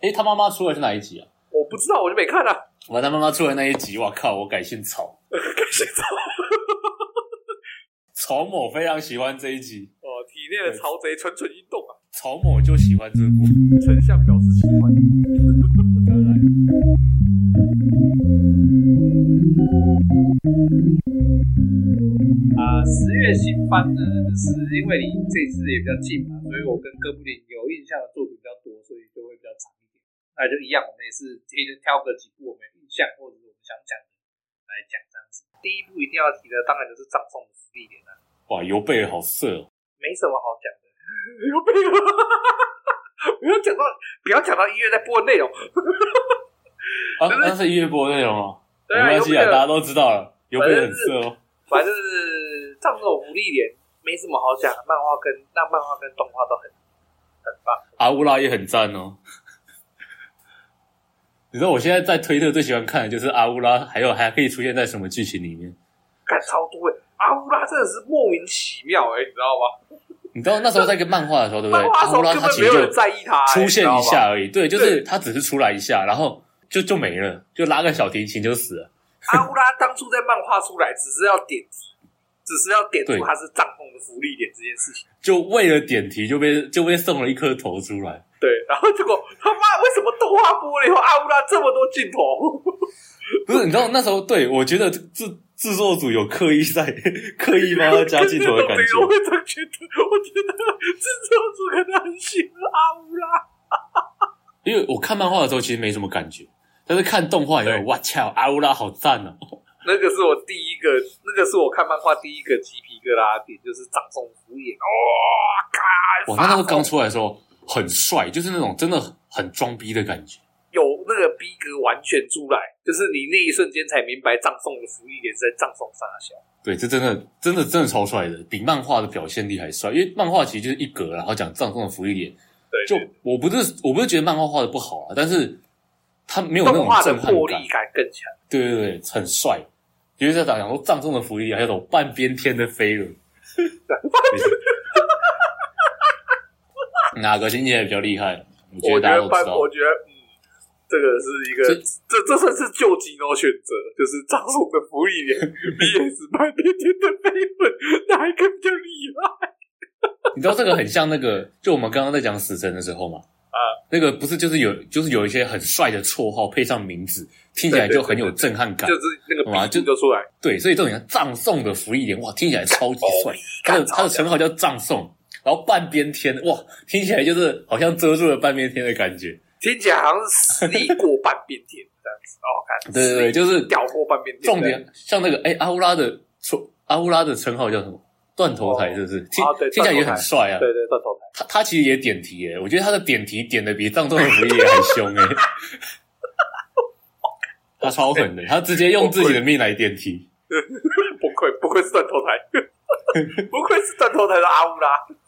誒，他媽媽出來是哪一集啊？我不知道，我就沒看啊。我他媽媽出來那一集，我靠！我改姓曹， 改姓曹潮。曹 某非常喜歡這一集。哦，體內的曹賊蠢蠢欲動啊！曹某就喜歡這部。丞相表示喜歡。啊，十月新番呢，是因為離這次也比較近嘛，所以我跟哥布林有印象的作品。那、啊、就一樣，我們也是,也是挑個幾部我們的印象或者是我們想講的來講這樣子。第一部一定要提的，當然就是葬送的福利點。哇，尤貝爾好色哦、喔！沒什麼好講的，尤貝爾 不要講到不要講到音樂在播的內容 啊、 就是。啊，那、啊、是音樂播的內容哦，啊、沒關係啊，大家都知道了。尤貝爾很色哦、喔，反正就是、 就是、葬送福利點，沒什麼好講。 漫畫跟那漫畫跟動畫都很很棒，阿烏拉也很讚哦、喔。你知道我現在在推特最喜歡看的就是阿烏拉，還有還可以出現在什麼劇情裡面？幹超多誒，阿烏拉真的是莫名其妙哎，你知道嗎？你知道那時候在看漫畫的時候，對不對？阿烏拉他其實沒有在意他出現一下而已， 對，就是他只是出來一下，然後就就沒了，就拉個小提琴就死了。 阿烏拉當初在漫畫出來只是要點題，只是要點出他是葬送的芙莉蓮這件事情，就為了點題就被就被送了一顆頭出來。對，然後結、這、果、個、他媽為什麼動畫播了以後阿烏拉這麼多鏡頭？不是， 你知道那時候，對我覺得制製作組有刻意在刻意幫他加鏡頭的感覺。我總覺得，我覺得製作組可能很喜歡阿烏拉。哈哈哈，因為我看漫畫的時候其實沒什麼感覺，但是看動畫以後，哇，瞧阿烏拉好讚哦，啊！那個是我第一個，那個是我看漫畫第一個雞皮疙瘩點，就是葬送敷衍。哦、哇咔！我那那個剛出來的時候。很帥，就是那種真的很，很裝逼的感覺，有那個逼格完全出來，就是你那一瞬間才明白葬送的芙莉蓮是在葬送三小。對，這真的真的真的超帥的，比漫畫的表現力還帥。因為漫畫其實就是一格啦，然後講葬送的芙莉蓮。對，就我不是我不是覺得漫畫畫的不好啊，但是他沒有那種震撼感，動畫的魄力感更強。對對對，很帥，因為在講講說葬送的芙莉蓮還有一種半邊天的飛輪， 哪個新番比較厲害？我覺得班，我覺得、我覺得、嗯、這個是一個，這這、這算是救急的選擇，就是葬送的芙莉蓮 ，B.S. 班天天的悲鳴，哪一個更厲害？你知道這個很像那個， 就我們剛剛在講死神的時候嘛。啊，那個不是就是有就是有一些很帥的綽號配上名字，聽起來就很有震撼感。對對對對對，震撼感就是那個嘛，就就出來就。對，所以這種葬送的芙莉蓮哇，聽起來超級帥哦。他的他的稱號叫葬送。然後半邊天哇，聽起來就是好像遮住了半邊天的感覺，聽起來好像是實力過半邊天這樣子 哦，感覺對對對，就是吊過半邊天。重點像那個誒、欸、阿烏拉的阿烏拉的稱號叫什麼？斷頭台是不是？哦、聽、啊、聽,聽起來也很帥啊。對對,對，斷頭台，他他其實也點題誒、欸、我覺得他的點題點得比的比葬送的芙莉蓮也很凶哎，他 超狠的，他直接用自己的命來點題，不愧不愧是斷頭台，不愧是斷頭, 頭台的阿烏拉。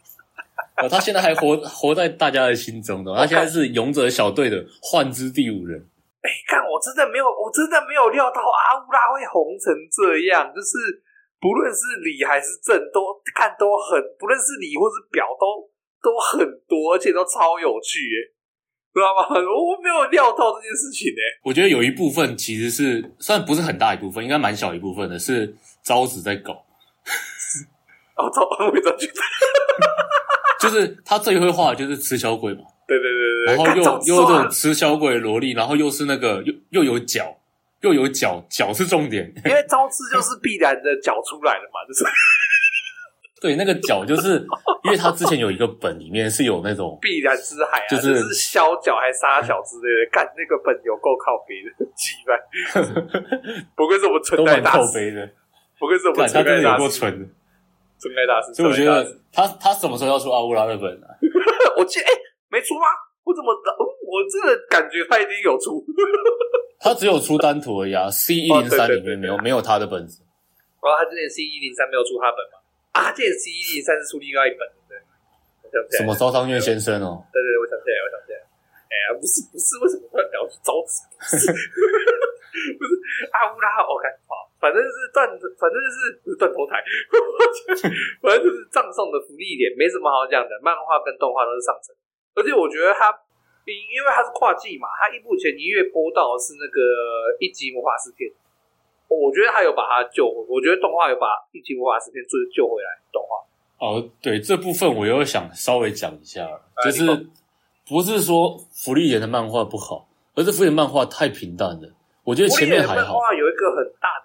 他現在還活活在大家的心中的，他現在是勇者小隊的幻之第五人。哎、欸，看我真的沒有，我真的沒有料到阿烏拉會紅成這樣。就是不論是裡還是朕，都看都很；不論是裡或是表，都都很多，而且都超有趣、欸，耶。知道嗎？我沒有料到這件事情呢、欸。我覺得有一部分其實是算不是很大一部分，應該蠻小一部分的是，是招子在搞。我 操、哦，我真覺得。就是他最會畫的就是雌小鬼嘛，對對對對，然後又又有這種雌小鬼的蘿莉，然後又是那個又又有腳，又有腳，腳是重點，因為招式就是必然的腳出來了嘛，就是。 對，那個腳就是 因為他之前有一個本裡面是有那種必然之海啊，就是削腳、就是、還是殺腳之類的，幹 那個本有夠靠背的，幾百， 不愧是我們純在大背的，不愧是我們大他真的有過純的。開大師，所以我覺得他他，他什麼時候要出阿烏拉的本呢、啊？ 我記得哎、欸，沒出嗎？我怎麼我真的感覺他一定有出， 他只有出單圖而已啊！C 一零三裡面沒有，對對對對沒有他的本子。哦，他之前 C 一零三沒有出他本嗎？啊，之 C 一零三是出另外一本對，我想起來什麼招商月先生哦、喔，欸？對對對，我想起來，我想起來。哎、欸、呀，不是不是，為什麼他聊起招子？不是， 不是阿烏拉，我該跑。反正是斷，反正就是斷頭台， 反正就是葬送的芙莉蓮，沒什麼好講的。漫畫跟動畫都是上乘，而且我覺得他，因為他是跨季嘛，他一部前一月播到是那個一級魔法使篇，我覺得他有把他救回，我覺得動畫有把一級魔法使篇救救回來。動畫哦，對，這部分我又想稍微講一下，啊、就是不是說芙莉蓮的漫畫不好，而是芙莉蓮漫畫太平淡了。我覺得前面還好，有一個很大。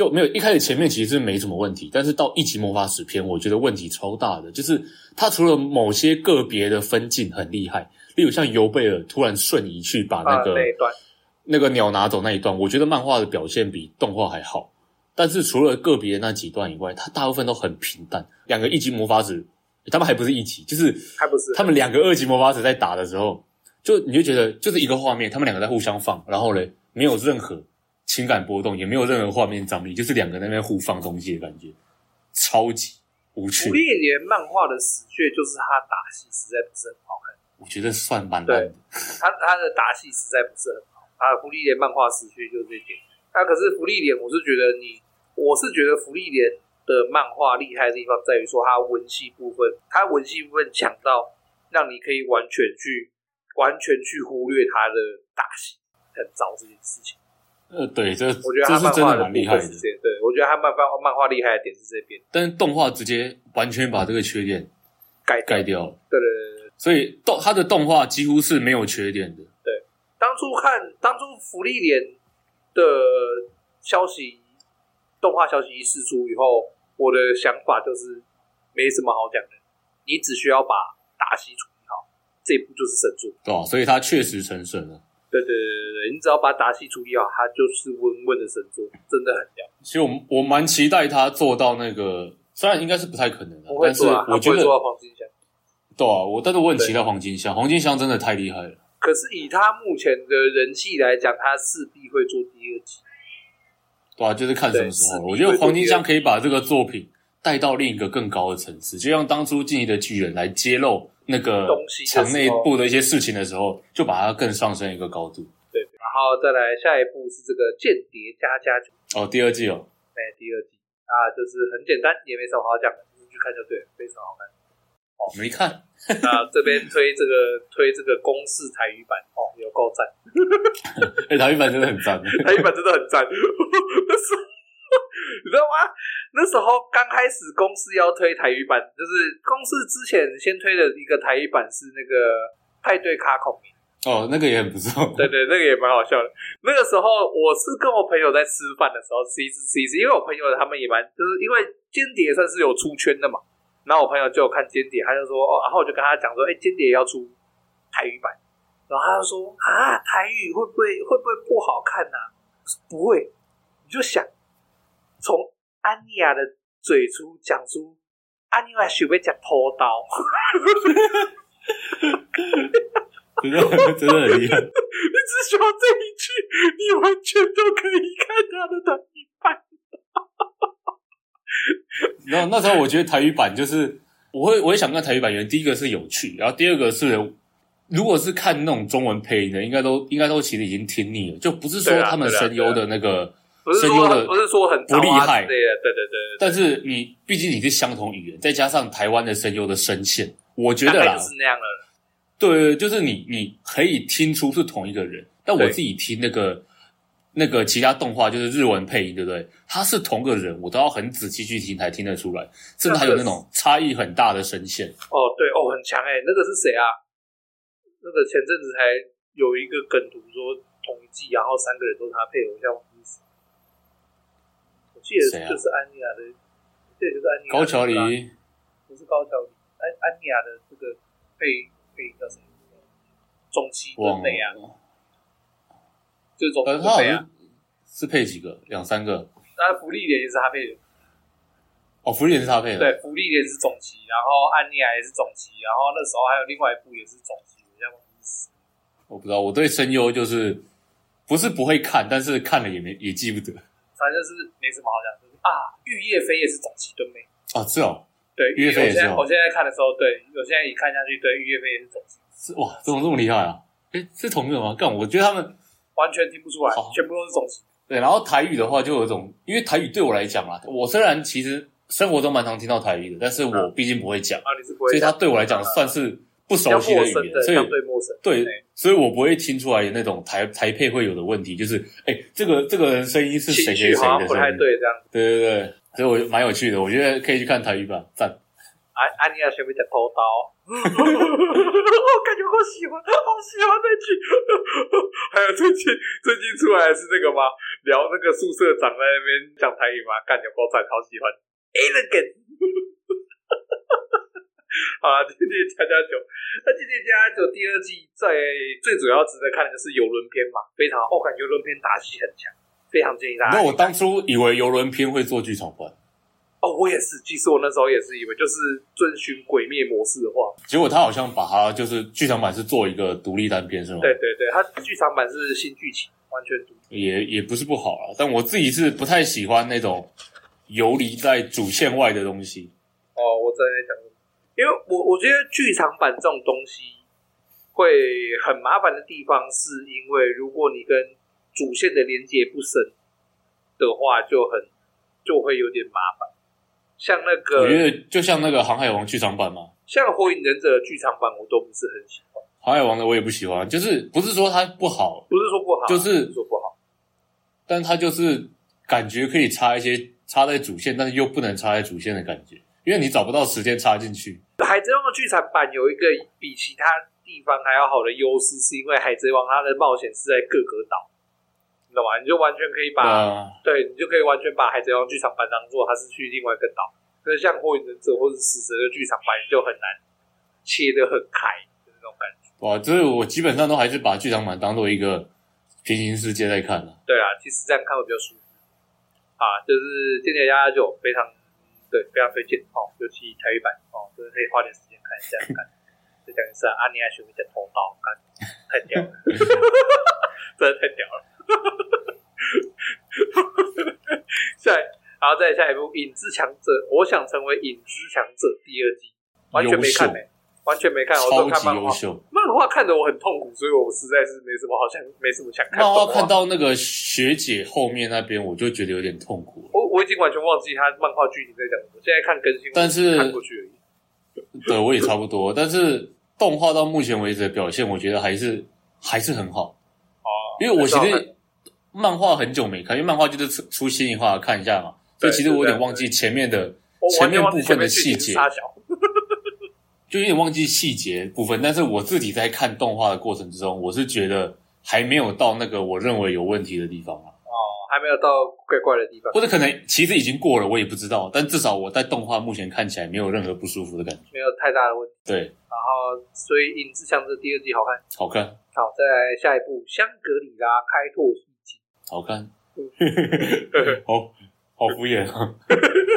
就沒有一開始前面其實是沒什麼問題，但是到一級魔法使篇，我覺得問題超大的，就是他除了某些個別的分鏡很厲害，例如像尤貝爾突然瞬移去把那個、啊、那，那個鳥拿走那一段，我覺得漫畫的表現比動畫還好。但是除了個別的那幾段以外，它大部分都很平淡。兩個一級魔法使，他們還不是一級，就是還不是他們兩個二級魔法使在打的時候，就你就覺得就是一個畫面，他們兩個在互相放，然後嘞沒有任何。情感波動也沒有任何畫面張力，就是兩個在那邊互放東西的感覺，超級無趣。福利連漫畫的死穴就是他打戲實在不是很好看，我覺得算蠻對的。對，他他的打戲實在不是很好，他的福利連漫畫死穴就這點。那可是福利連，我是覺得你，我是覺得福利連的漫畫厲害的地方在於說，它文戲部分，它文戲部分強到讓你可以完全去完全去忽略他的打戲很糟這件事情。呃，對，這這是真的蠻厲害的。對，我覺得他漫畫漫畫厲害的點是這邊。但是動畫直接完全把這個缺點改改掉了。對對對對。所以動他的動畫幾乎是沒有缺點的。對，當初看當初芙莉蓮的消息，動畫消息一釋出以後，我的想法就是沒什麼好講的，你只需要把打戲處理好，這一部就是神作。對啊，所以它確實成神了。對對對對。你只要把打戲處理好，他就是穩穩的神作，真的很屌。其實我我蠻期待他做到那個，雖然應該是不太可能的、啊啊，但是我覺得不會做到黃金箱。對啊，我但是我很期待黃金箱，黃金箱真的太厲害了。可是以他目前的人氣來講，他勢必會做第二期。對啊，就是看什麼時候了。了。我覺得黃金箱可以把這個作品帶到另一個更高的層次，就像當初《進擊的巨人》來揭露那個牆內部的一些事情的時候，就把它更上升一個高度。好、哦，再來，下一步是這個《間諜家家酒》哦，第二季哦，哎，第二季啊，就是很簡單，也沒什麼好講的，你去看就對了，非常好看。哦，沒看，那、啊、這邊推這個 推這個公視台語版哦，有夠讚。哎、 欸，台語版真的很讚，台語版真的很讚。 你知道嗎？那時候剛開始公司要推台語版，就是公司之前先推的一個台語版是那個《派對咖孔明》。哦，那個也很不錯。 對，對對，那個也蠻好笑的。那個時候我是跟我朋友在吃飯的時候，c c 吃，吃，吃，吃因為我朋友他們也蠻，就是因為《間諜》算是有出圈的嘛。然後我朋友就有看《間諜》，他就說：“哦。”然後我就跟他講說：“哎、欸，《間諜》也要出台語版。”然後他就說：“啊，台語會不會會不會不好看呢、啊？”不會，你就想從安妮亞的嘴出，講出：“安妮亞是不是講偷刀。” 真的很，真的很厲害。 你只說這一句，你完全都可以看他的台語版。然 後、no, 那時候，我覺得台語版就是，我會，我也想看台語版原。原因第一個是有趣，然後第二個是，如果是看那種中文配音的，應該都，應該都其實已經聽膩了。就不是說他們聲優的那個，不是說的，不是說很不厲害。對、啊、對對對。但是你畢竟你是相同語言，再加上台灣的聲優的聲線，我覺得啦，是那樣的。對，就是你，你可以聽出是同一個人。但我自己聽那個那個其他動畫，就是日文配音，對不對？他是同個人，我都要很仔細去聽才聽得出來，甚至還有那種差異很大的聲線。那個、哦，對，哦，很強哎，那個是誰啊？那個前陣子還有一個梗圖說同一季，然後三個人都是他配合像下，我記得是、啊、就是安妮亞的，對，就是安妮亞高橋李，不是高橋李，安安妮亞的這個配音。被一個什種崎敦美啊？這種、啊呃、他好像是，是配幾個兩三個？那、啊、芙莉蓮也是他配的哦，芙莉蓮也是他配的。對，芙莉蓮也是種崎，然後安妮亞也是種崎，然後那時候還有另外一部也是種崎。我是，我不知道，我對聲優就是不是不會看，但是看了也沒也記不得，反正是沒什麼好講、就是。啊，玉葉妃也是種崎敦美啊，是哦。對，因為我現在、哦、我現在看的時候，對，我現在一看下去，對，粵語配也是重音。是哇，怎麼這麼厲害啊？誒、欸、是同重音嗎？幹，我覺得他們完全聽不出來，哦、全部都是重音。對，然後台語的話，就有一種，因為台語對我來講啊，我雖然其實生活中蠻常聽到台語的，但是我畢竟不會講、啊啊、所以它對我來講算是不熟悉的語言，所以對陌生，對，所以我不會聽出來那種台台配會有的問題，就是誒、欸、這個這個人聲音是誰誰誰的聲音？對，這樣對對對。所以我，我蠻有趣的，我覺得可以去看台語版，贊。安安妮亞宣布的偷刀，啊、 我感覺好喜歡，好喜歡那句。 還有最近最近出來的是這個嗎？聊那個宿舍長在那邊講台語嗎？干牛鍋仔，好喜歡。哎，Elegant。好了，間諜家家酒。那、啊、間諜家家酒第二季最最主要值得看的是遊輪篇嘛，非常好，哦，感覺遊輪篇打戲很強。非常建議大家。那我當初以為遊輪片會做劇場版哦。我也是。其實我那時候也是以為，就是遵循鬼滅模式的話，結果他好像把它就是劇場版是做一個獨立單片，是嗎？對對對，它劇場版是，是新劇情，完全獨立。也也不是不好啊，但我自己是不太喜歡那種游離在主線外的東西。哦，我真在想，因為我我覺得劇場版這種東西會很麻煩的地方，是因為如果你跟主線的連接不深的話，就很就會有點麻煩。像那個，就像那個《航海王》劇場版嘛。像《火影忍者》劇場版，我都不是很喜歡。《航海王》的我也不喜歡，就是不是說它不好，不是說不好，就是，不是說不好。但它就是感覺可以插一些插在主線，但是又不能插在主線的感覺，因為你找不到時間插進去。《海賊王》的劇場版有一個比其他地方還要好的優勢，是因為《海賊王》它的冒險是在各個島。懂嗎？你就完全可以把，對，你就可以完全把《海賊王》劇場版當做它是去另外一個島。可是像《火影忍者》或者《死神》的劇場版，就很難切得很開，就是那種感覺。哇！所以，我基本上都還是把劇場版當做一個平行世界在看的。對啊，其實這樣看會比較舒服。啊，就是《間諜家家酒》就非常對，非常推薦哦，尤其台語版哦，就是可以花點時間看一下，這 樣、啊、看。就講一下，阿尼亞兄的通看。太屌了！ 真的太屌了！在， 然後再來下一部《影之強者》，我想成為《影之強者》第二季，完全沒看沒、欸，完全沒看，我都看漫畫。漫畫看得我很痛苦，所以我實在是沒什麼好像，沒什麼想看。漫畫看到那個學姐後面那邊，我就覺得有點痛苦。我我已經完全忘記他漫畫劇情在講什麼，現在看更新，但是看過去而已。對，我也差不多。 但是動畫到目前為止的表現，我覺得還是還是很好。哦，因為我其實。漫畫很久沒看，因為漫畫就是出新一話看一下嘛。所以其實我有點忘記前面的前面部分的細節， 就有點忘記細節部分。但是我自己在看動畫的過程之中，我是覺得還沒有到那個我認為有問題的地方嘛哦，還沒有到怪怪的地方，或者可能其實已經過了，我也不知道。但至少我在動畫目前看起來沒有任何不舒服的感覺，沒有太大的問題。對，然後所以影之強者第二季好看，好看。好，再來下一部《香格里拉開拓》。好看， 好好敷衍啊！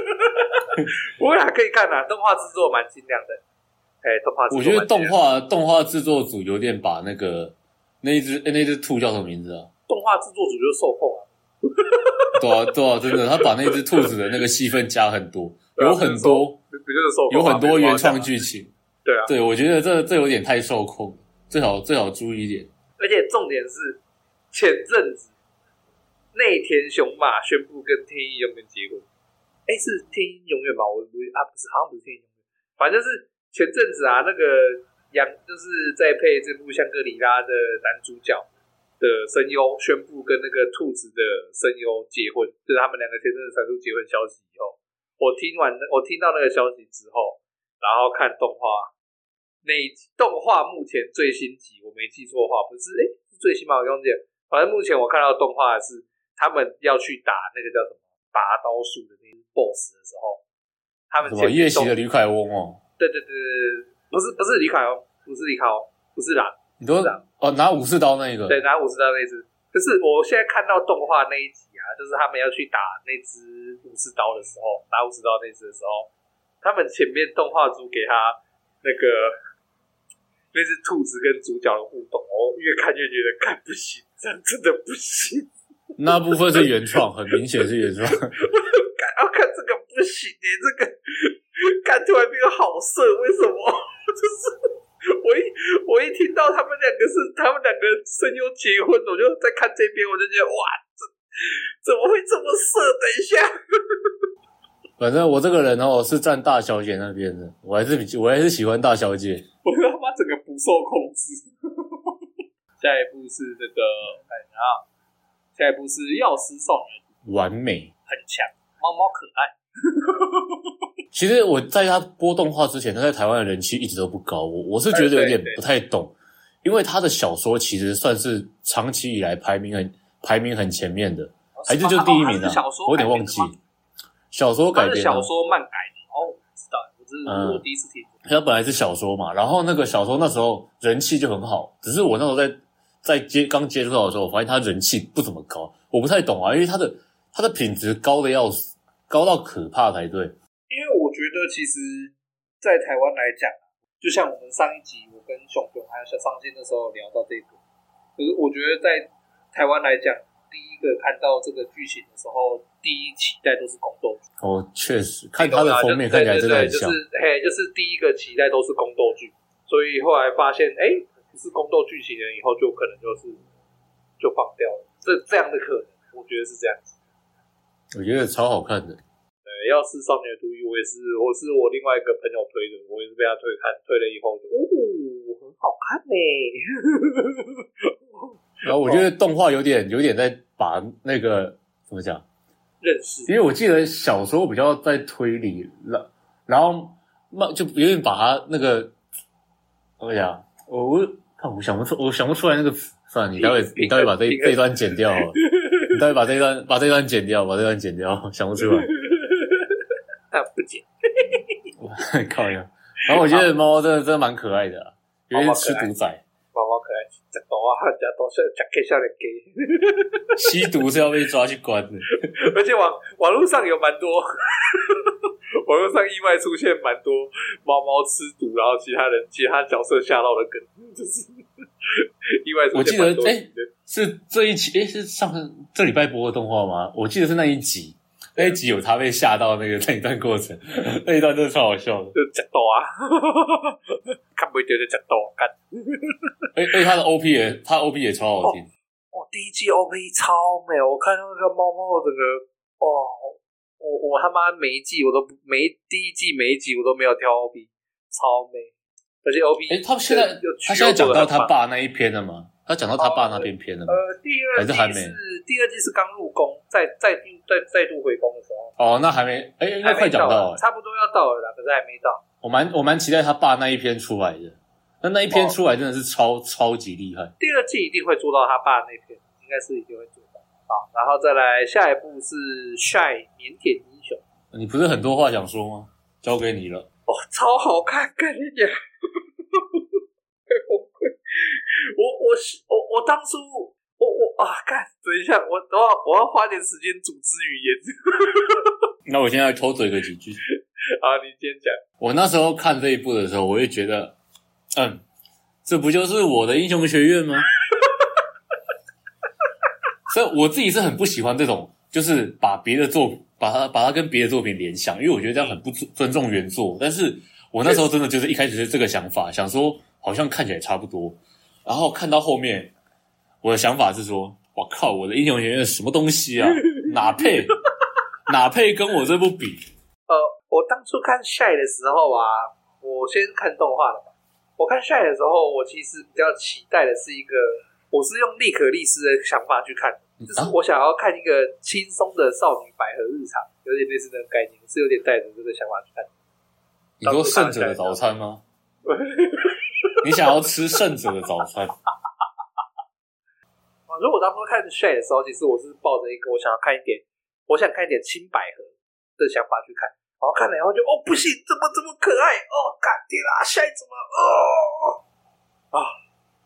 我也還可以看啊，動畫制作蠻精良的。哎、欸，動畫制作，我覺得動畫動畫制作組有點把那個那一隻、欸、那一隻兔叫什麼名字啊？動畫制作組就受控啊！對啊，對啊，真的，他把那隻兔子的那個戲份加很多，有很多，啊就是、有很多原創劇情、情。對啊，對我覺得這這有點太受控，最好最好注意一點。而且重點是前陣子，內田雄馬宣布跟天音永遠結婚？哎、欸，是天音永遠嗎？我不啊，不是，好像不是天音永遠。反正是前陣子啊，那個楊就是在配這部《香格里拉》的男主角的聲優宣布跟那個兔子的聲優結婚，就是他們兩個前陣子傳出結婚消息以後，我聽完我聽到那個消息之後，然後看動畫，那動畫目前最新集我沒記錯的話不是哎，欸、是最新吧，我跟你講，反正目前我看到動畫是。他們要去打那個叫什麼拔刀術的那些 boss 的時候，他們什麼夜襲的李凱翁哦、啊？對對對對對，不是不是李凱翁，不是李凱翁，不是狼，你都是狼哦？拿武士刀那一個？對，拿武士刀那隻，就是我現在看到動畫那一集啊，就是他們要去打那隻武士刀的時候，打武士刀那隻的時候，他們前面動畫組給他那個那隻兔子跟主角的互動，哦，越看越覺得看，看不行，這樣真的不行。那部分是原創，很明顯是原創。 我看這個不行耶、欸，這個看出來沒有好色，為什麼？就是我一我一聽到他們兩個是他們兩個聲優結婚，我就在看這邊，我就覺得哇，怎怎麼會這麼色？等一下，反正我這個人哦、喔，是站大小姐那邊的，我還是比我還是喜歡大小姐。我 他媽整個不受控制 。下一步是這個，哎呀、啊下一部是藥師少女，完美，很強，貓貓可愛。 其實我在他播動畫之前，他在台灣的人氣一直都不高。我我是覺得有點不太懂，對對對，因為他的小說其實算是長期以來排名很排名很前面的，哦、是還是就第一名呢、啊？哦、小說改我有點忘記，小說改編小說漫改的哦，我知道，我這是我第一次聽。嗯、他本來是小說嘛，然後那個小說那時候人氣就很好，只是我那時候在。在接剛接觸到的時候，我發現他人氣不怎麼高，我不太懂啊，因為他的他的品質高得要高到可怕才對。因為我覺得，其實，在台灣來講，就像我們上一集我跟熊熊還有上上進的時候聊到這個，可是我覺得在台灣來講，第一個看到這個劇情的時候，第一期待都是宮鬥劇。哦，確實，看他的封面看起來真的很像，就是嘿，就是第一個期待都是宮鬥劇，所以後來發現，哎。是宮鬥劇情了，以後就可能就是就放掉了。這這樣的可能，我覺得是這樣子。我覺得超好看的。對，要是少年的獨一，我也是，我是我另外一個朋友推的，我也是被他推看，推了以後就，就覺哦，很好看呢。 然後我覺得動畫有點有點在把那個怎麼講，認識，因為我記得小時候比較在推理，然然後慢就有點把他那個怎麼講我。啊、我想不出，我想不出來那個詞。算了，你待會你待會把這這一, 會把這,一把這一段剪掉。你待會把這段，把這段剪掉，把這段剪掉，想不出來。不剪、啊。靠呀！然後我覺得貓貓真的真的蠻可,、啊、可愛的，尤其是吃獨仔。刀啊！刀，吸毒是要被抓去關的。 而且網網絡上有蠻多， 網絡上意外出現蠻多貓貓吃毒，然後其他人其他角色嚇到的梗，就是意外出現。我記得，誒、欸、是這一集，哎、欸，是上這禮拜播的動畫嗎？我記得是那一集，那一集有他被嚇到的那個那一段過程， 那一段真的超好笑的，就夾刀啊！ 他沒這多看不掉的，吃多幹。哎、欸、哎，他的 OP 也，他 OP 也超好聽。哦，哦第一季 OP 超美，我看到那個貓貓的個，哇！我我他媽每一季我都每一第一季每一集我都沒有跳 OP，超美。而且 OP，哎、欸，他現在就他現在講到他爸那一篇了嗎？他講到他爸那篇篇了嗎、哦？呃，第二季是，還是還第二季是剛入宮，再再度再再度回宮的時候。哦，那還沒哎，那、欸、快講到，了到、欸，差不多要到了，啦，可是還沒到。我蠻我蠻期待他爸那一篇出來的，那那一篇出來真的是超、哦、超級厲害。第二季一定會做到他爸那篇，應該是一定會做到。好，然後再來下一步是 Shy 靦腆英雄。你不是很多話想說嗎？交給你了。哦，超好看，趕緊講，崩 我我我我，我當初我我啊，幹，等一下，我我要我要花點時間組織語言。 那我現在抽嘴個幾句。好、啊，你先講。我那時候看這一部的時候，我就覺得，嗯，這不就是我的《英雄學院》嗎？所 以我自己是很不喜歡這種，就是把別的作品把它把它跟別的作品聯想，因為我覺得這樣很不尊重原作。但是我那時候真的就是一開始就是這個想法，想說好像看起來差不多。然後看到後面，我的想法是說，我靠，我的《英雄學院》什麼東西啊？哪配 哪配跟我這部比？我當初看《Shy》的時候啊，我先看動畫的嘛。我看《Shy》的時候，我其實比較期待的是一個，我是用《利可利斯》的想法去看、啊、就是我想要看一個輕鬆的少女百合日常，有點類似那個概念，是有點帶着這個想法去看。你說聖者的早餐嗎？ 你想要吃聖者的早餐？ 如果我當初看《Shy》的時候，其實我是抱着一個我想要看一點，我想看一點青百合的想法去看。好看了然後就哦不行，怎麼這麼可愛？哦，乾爹啦、啊，曬怎麼？哦啊，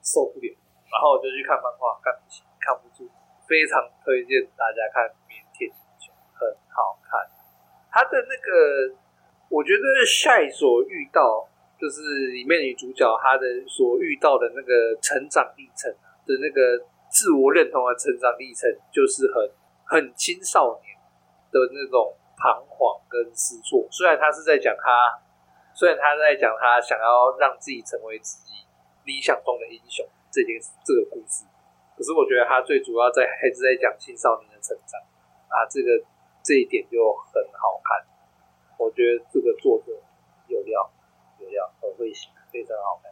受不了！然後我就去看漫畫，看不起，看不住。非常推薦大家看《腼腆》，很好看。他的那個，我覺得 Shy 所遇到，就是裡面女主角她的所遇到的那個成長歷程的、就是、那個自我認同的成長歷程，就是很很青少年的那種，彷徨跟失措，雖然他是在講他，雖然他是在講他想要讓自己成為自己理想中的英雄，這件事這個故事，可是我覺得他最主要在還是在講青少年的成長啊，這個這一點就很好看。我覺得這個作者有料有料，很會寫，非常好看，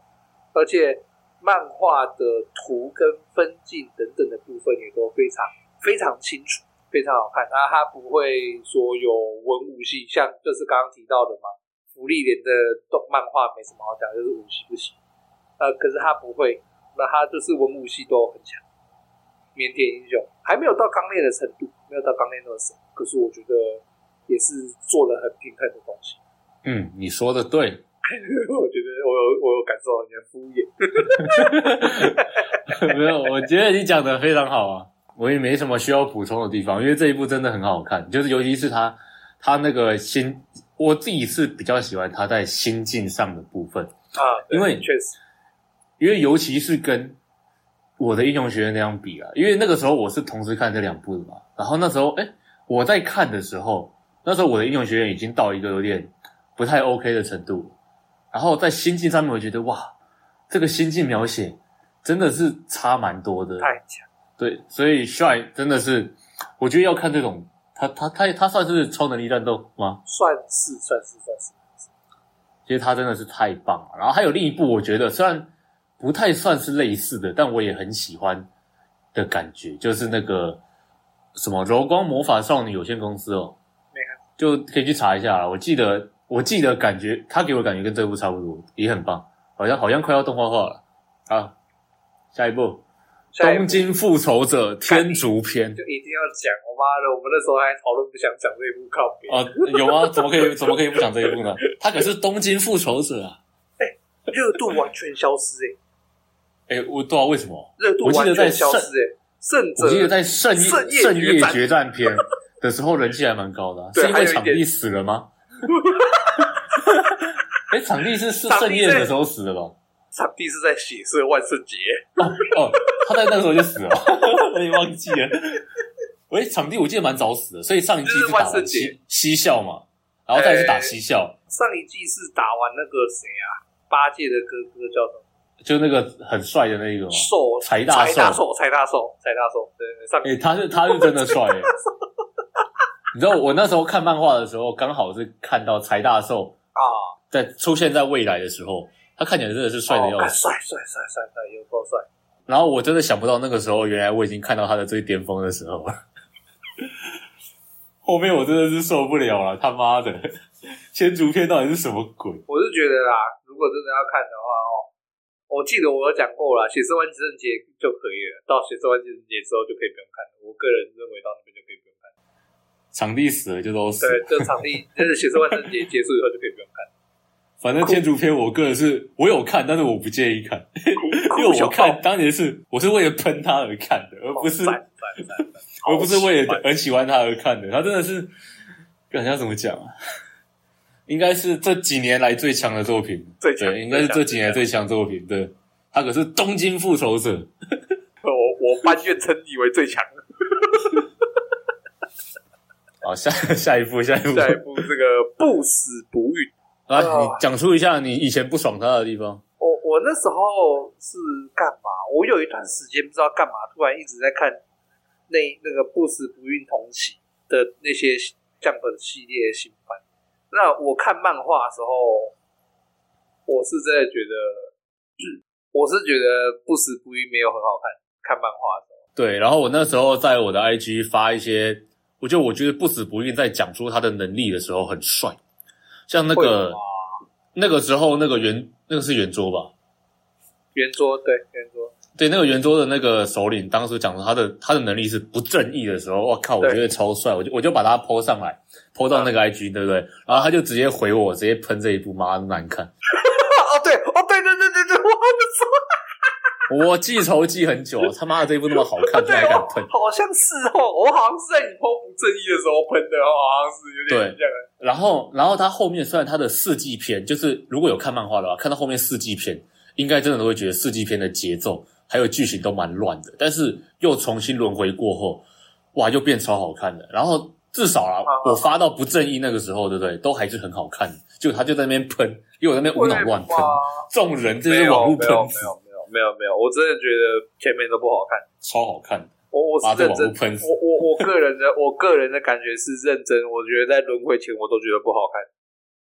而且漫畫的圖跟分鏡等等的部分也都非常非常清楚。非常好看，那、啊、他不會說有文武戲，像就是剛剛提到的嘛，芙莉蓮的動漫畫沒什麼好講，就是武戲不行、呃。可是他不會，那、啊、他就是文武戲都很強。靦腆英雄還沒有到鋼鍊的程度，沒有到鋼鍊那麼深。可是我覺得也是做了很平衡的東西。嗯，你說的對， 我覺得我有我有感受到你的敷衍。 沒有，我覺得你講的非常好啊。我也沒什麼需要補充的地方，因為這一部真的很好看，就是尤其是他他那個心，我自己是比較喜歡他在心境上的部分啊，因為確實，因為尤其是跟《我的英雄學院》那樣比啊，因為那個時候我是同時看這兩部的嘛，然後那時候哎我在看的時候，那時候《我的英雄學院》已經到一個有點不太 OK 的程度，然後在心境上面我覺得哇，這個心境描寫真的是差蠻多的，太強。對，所以《Shine》真的是，我覺得要看這種，他他他他算是超能力戰鬥嗎？算是算是算是，算是。其實他真的是太棒了。然後還有另一部，我覺得雖然不太算是類似的，但我也很喜歡的感覺，就是那個什麼《柔光魔法少女有限公司》哦。那個。就可以去查一下。我記得，我記得感覺他給我感覺跟這部差不多，也很棒，好像好像快要動畫化了。好，下一部。東京復仇者天竺篇就一定要講，我媽的，我們那時候還討論不想講這一部靠邊啊、呃，有啊，怎麼可以怎麼可以不講這一部呢？他可是東京復仇者啊！哎、欸，熱度完全消失哎、欸，哎、欸，我不知道為什麼熱度完全消失哎？聖，我記得在聖夜聖夜決戰篇的時候人氣還蠻高的、啊，是因為場地死了嗎？哎、 欸，場地是聖聖夜的時候死了咯。場地是在血色萬聖節哦，哦他在那個時候就死了，我 也忘記了。喂，場地我記得蠻早死的，所以上一季是打聖節稀咲嘛，然後再去打稀咲、欸。上一季是打完那個誰啊，八戒的哥哥叫什麼？就那個很帥的那一個，壽柴大壽，柴大壽，柴大壽，對對上一季。哎、欸，他是他是真的帥。 你知道我那時候看漫畫的時候，剛好是看到柴大壽啊，在出現在未來的時候。嗯他看起來真的是帥的要死，帥帥帥帥帥有夠帥！然後我真的想不到那個時候，原來我已經看到他的最巔峰的時候了。 後面我真的是受不了了，他媽的，千竹片到底是什麼鬼？我是覺得啦，如果真的要看的話哦，我記得我有講過了，血色萬聖節就可以了，到血色萬聖節之後就可以不用看了。我個人認為到那邊就可以不用看了。場地死了就都死了，對，就場地，但 是血色萬聖節結束以後就可以不用看了。反正天竺篇我個人是，我有看，但是我不建議看酷酷，因為我看當年是我是為了噴他而看的，而不是，而不是為了，是為了很喜歡他而看的。他真的是，要怎麼講？啊？應該是這幾年來最強的作品，最對，應該是這幾年來最強作，作品。對他可是東京復仇者，我我甘願稱你為最強。 好，下下一部，下一部，下一部，下一部下一部這個 不死不育。啊，你講述一下你以前不爽他的地方。哦、我我那時候是幹嘛？我有一段時間不知道幹嘛，突然一直在看那那個不死不運同期的那些 JUMP 系列新番。那我看漫畫的時候，我是真的覺得，嗯、我是覺得不死不運沒有很好看。看漫畫的時候，對。然後我那時候在我的 IG 發一些，我覺得我覺得不死不運在講述他的能力的時候很帥。像那個那個時候那個圓，那個圓那個是圓桌吧？圓桌對，圓桌對，那個圓桌的那個首領當時講說他的他的能力是不正義的時候，我靠，我覺得超帥，我就我就把他 po 上來，po 到那個 IG，、啊、對不對？然後他就直接回我，直接噴這一部媽難看。 哦對哦對對對對對，我、哦、操！對對對對 我記仇記很久，他媽的這一部那麼好看，你還敢噴？好像是哦，我好像是在你 po。正義的時候噴的好像是有點這樣。然後，然後他後面雖然他的四季篇，就是如果有看漫畫的話，看到後面四季篇，應該真的都會覺得四季篇的節奏還有劇情都蠻亂的。但是又重新輪回過後，哇，又變超好看的。然後至少啦啊，我發到不正義那個時候，對不對？都還是很好看的。就他就在那邊噴，因為我那邊無腦亂噴，眾人這些網絡噴。沒，沒，沒，沒有，沒有，沒有，沒有，我真的覺得前面都不好看，超好看的。我我是認真，我我我個人的我個人的感覺是認真， 我覺得在輪迴前我都覺得不好看。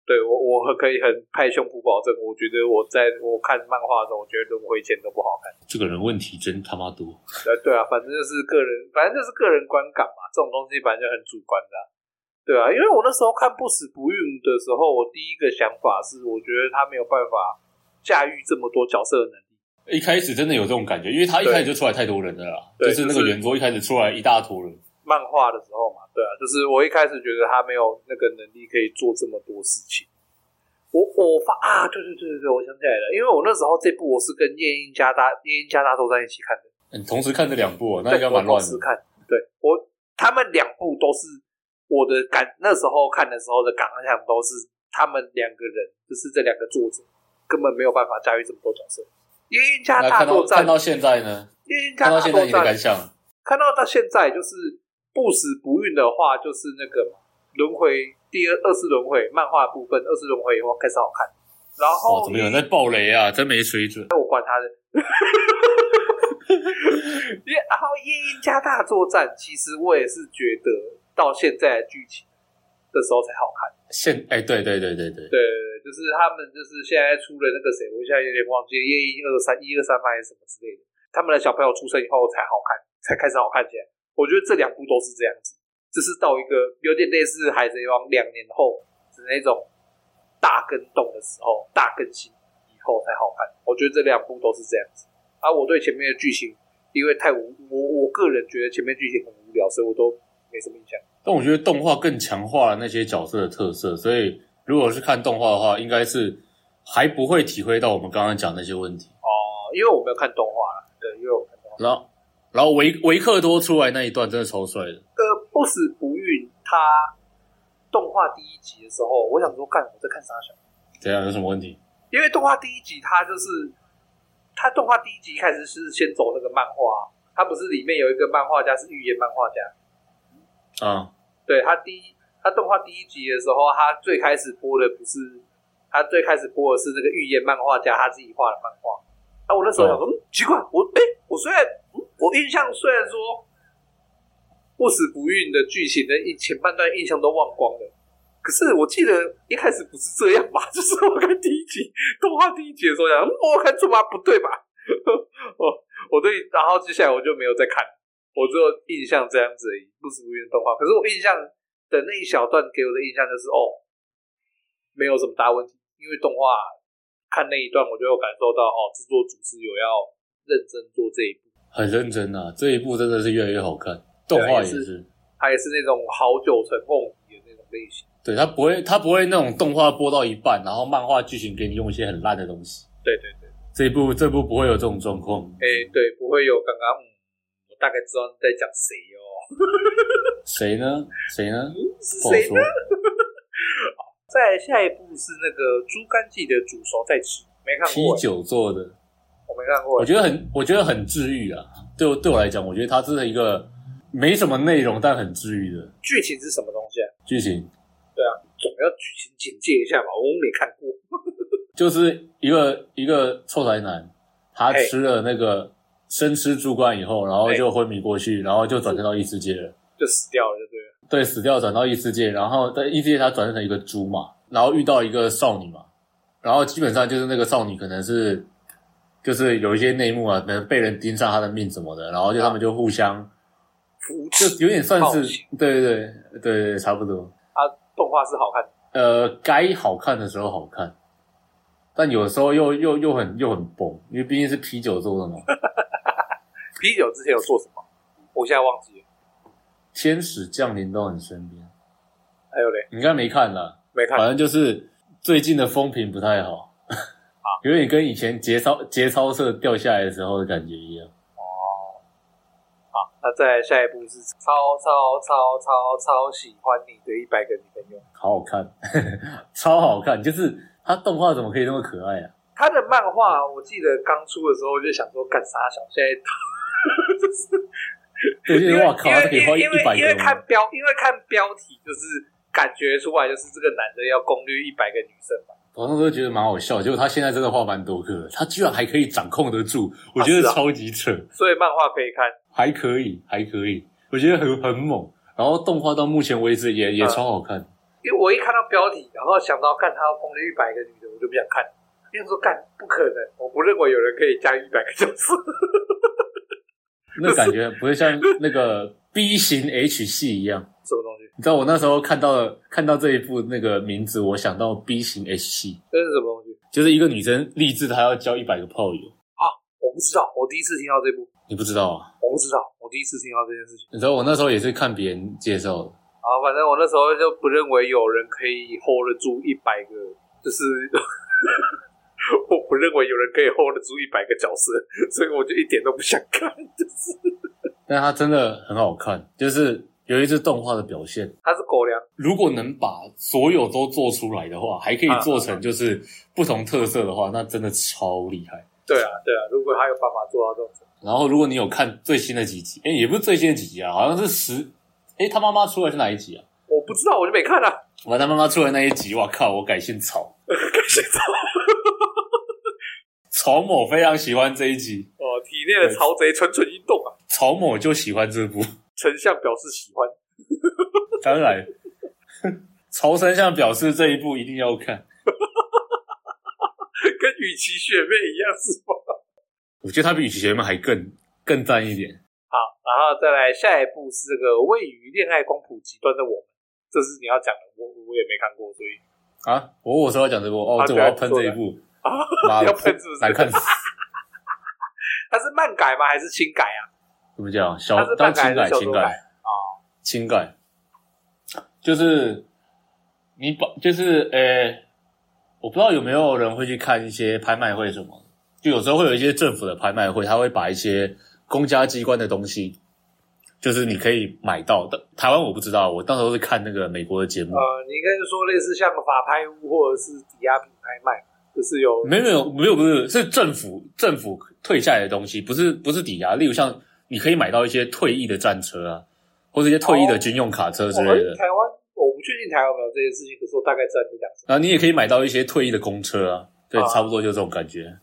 對，我我可以很拍胸脯保證，我覺得我在我看漫畫中，我覺得輪迴前都不好看。這個人問題真他媽多對。對啊，反正就是個人，反正就是個人觀感嘛，這種東西反正就很主觀的啊。對啊，因為我那時候看不死不孕的時候，我第一個想法是，我覺得他沒有辦法駕馭這麼多角色的能力。一開始真的有這種感覺，因為他一開始就出來太多人了啦，就是那個圓桌一開始出來一大坨人。就是、漫畫的時候嘛，對啊，就是我一開始覺得他沒有那個能力可以做這麼多事情。我我發啊，對對對對對，我想起來了，因為我那時候這部我是跟夜鶯加大、夜鶯加大都在一起看的，嗯、欸，你同時看這兩部、啊，那應該蠻亂的。對同時看，對我他們兩部都是我的感，那時候看的時候的感想都是他們兩個人，就是這兩個作者根本沒有辦法駕馭這麼多角色。鷹鷹《陰陽加大作戰》看到現在呢？看到現在你的感想？看到到現在就是不死不運的話，就是那個輪迴第二二次輪迴漫畫部分，二次輪迴以後開始好看。然後你、哦、怎麼有人在爆雷啊？真沒水準！那我管他呢。 然後《陰陽加大作戰》，其實我也是覺得到現在的劇情的時候才好看。現哎、欸、對，對，對對對對對對，就是他們就是現在出了那個誰，我現在有點忘記，一二三一二三番還是什麼之類的，他們的小朋友出生以後才好看，才開始好看起來。我覺得這兩部都是這樣子，這是到一個有點類似海賊王兩年後是那種大更動的時候，大更新以後才好看。我覺得這兩部都是這樣子，而、啊、我對前面的劇情，因為太無，我我個人覺得前面劇情很無聊，所以我都。沒什麼印象，但我覺得動畫更強化了那些角色的特色，所以如果是看動畫的話，應該是還不會體會到我們剛剛講的那些問題哦。因為我沒有看動畫了，對，因為我看動畫。然後，然後維維克多出來那一段真的超帥的。呃，不死不育，他動畫第一集的時候，我想說，幹，我在看三小？怎樣？有什麼問題？因為動畫第一集，他就是他動畫第一集開始是先走那個漫畫，他不是裡面有一個漫畫家，是預言漫畫家。啊、uh.，對，他第一，他動畫第一集的時候，他最開始播的不是，他最開始播的是那個預言漫畫家他自己畫的漫畫。啊，我那時候想說，嗯，奇怪，我哎、欸，我雖然，我印象雖然說不死不孕的劇情的一前半段印象都忘光了，可是我記得一開始不是這樣吧，就是我看第一集動畫第一集的時候想、嗯，我看出發不對吧？哦，， 我對，然後接下來我就沒有再看。我只有印象這樣子而已，不屬於動畫。可是我印象的那一小段給我的印象就是哦，沒有什麼大問題。因為動畫看那一段，我就有感受到哦，製作組是有要認真做這一部，很認真啊，這一部真的是越來越好看，動畫也是，對啊，也是，它也是那種好久成夢的那種類型。對，它不會，它不會那種動畫播到一半，然後漫畫劇情給你用一些很爛的東西。對對對，這一部這一部不會有這種狀況。哎、嗯欸，對，不會有剛剛。大概知道你在講誰哦？ 誰呢？誰呢？誰呢？好，再下一部是那個豬肝記得煮熟再吃，沒看過。七九做的，我沒看過。我覺得很，我覺得很治癒啊。對我對我來講、嗯，我覺得它是一個沒什麼內容但很治癒的劇情是什麼東西、啊？劇情？對啊，總要劇情簡介一下嘛。我沒看過， 就是一個一個臭台男，他吃了那個。生吃豬肝以後，然後就昏迷過去，欸、然後就轉生到異世界了，就死掉了，就對了。對，死掉轉到異世界，然後在異世界他轉生成一個豬嘛，然後遇到一個少女嘛，然後基本上就是那個少女可能是就是有一些內幕啊，可能被人盯上他的命什麼的，然後就他們就互相，啊、就有點算是對對對對對差不多。他動畫是好看，呃，該好看的時候好看，但有時候又又又很又很崩，因為畢竟是啤酒做的嘛。 啤酒之前有做什麼？我現在忘記了。天使降臨到你身邊，還、哎、有嘞？你應該沒看啦，沒看。反正就是最近的風評不太好，有點 跟以前節操節操色掉下來的時候的感覺一樣。哦，好，那再下一部是超超超超超，超喜歡你的一百個女朋友，好好看， 超好看，就是它動畫怎麼可以那麼可愛啊？它的漫畫、啊、我記得剛出的時候就想說，幹啥小現在。哈哈，就是，因為哇靠，因為因為因為看標，因為看標題就是感覺出來就是這個男的要攻略一百個女生嘛。我當時覺得蠻好笑，結果他現在真的畫蠻多個的，他居然還可以掌控得住，我覺得超級扯。啊啊、所以漫畫可以看，還可以，還可以，我覺得很很猛。然後動畫到目前為止也、嗯、也超好看。因為我一看到標題，然後想到看他要攻略一百個女的，我就不想看。因為說幹，不可能，我不認為有人可以加一百個角色。 那感覺不會像那個 B 型 H 系一樣，什麼東西？你知道我那時候看到了看到這一部那個名字，我想到 B 型 H 系，這是什麼東西？就是一個女生勵志她要交一百個炮友啊！我不知道，我第一次聽到這一部，你不知道啊？我不知道，我第一次聽到這件事情。你知道我那時候也是看別人介紹的，啊，反正我那時候就不認為有人可以 hold 住一百個，就是。 我不認為有人可以 hold 得住一百個角色，所以我就一點都不想看。就是、但是但它真的很好看，就是有一只動畫的表現。它是狗糧。如果能把所有都做出來的話，還可以做成就是不同特色的話，啊、那真的超厲害。對啊，對啊。如果他有辦法做到這種，然後如果你有看最新的幾集，哎、欸，也不是最新的幾集啊，好像是十。哎、欸，他媽媽出來是哪一集啊？我不知道，我就沒看啊。完他媽媽出來的那一集，哇靠！我改姓曹， 改姓曹草笑。曹某非常喜歡這一集哦，體內的曹賊蠢蠢欲動啊！曹某就喜歡這部，丞相表示喜歡，當然，曹 丞相表示這一部一定要看， 跟雨其學妹一樣是吧？我覺得他比雨其學妹還更更讚一點。好，然後再來，下一步是這個位於戀愛公僕極端的我們，這是你要講的，我我也沒看過，所以啊，我我說要講這部、個、哦、啊，這我要噴這一部。 要噴住這，他是漫改嗎？還是輕改啊？是這樣？小當輕改，輕改清輕改，、哦、輕改就是你把就是呃、欸，我不知道有沒有人會去看一些拍賣會什麼、嗯，就有時候會有一些政府的拍賣會，他會把一些公家機關的東西，就是你可以買到的。台灣我不知道，我到時候是看那個美國的節目。呃，你跟說類似像法拍屋或者是抵押品拍賣。就是有沒沒有，沒有，不是，是政府，政府退下來的東西，不是不是抵押，例如像你可以買到一些退役的戰車啊，或是一些退役的軍用卡車之類的，哦、台灣我不確定台灣有沒有這件事情，可是我大概知道你講啊，你也可以買到一些退役的公車啊。對啊，差不多就這種感覺。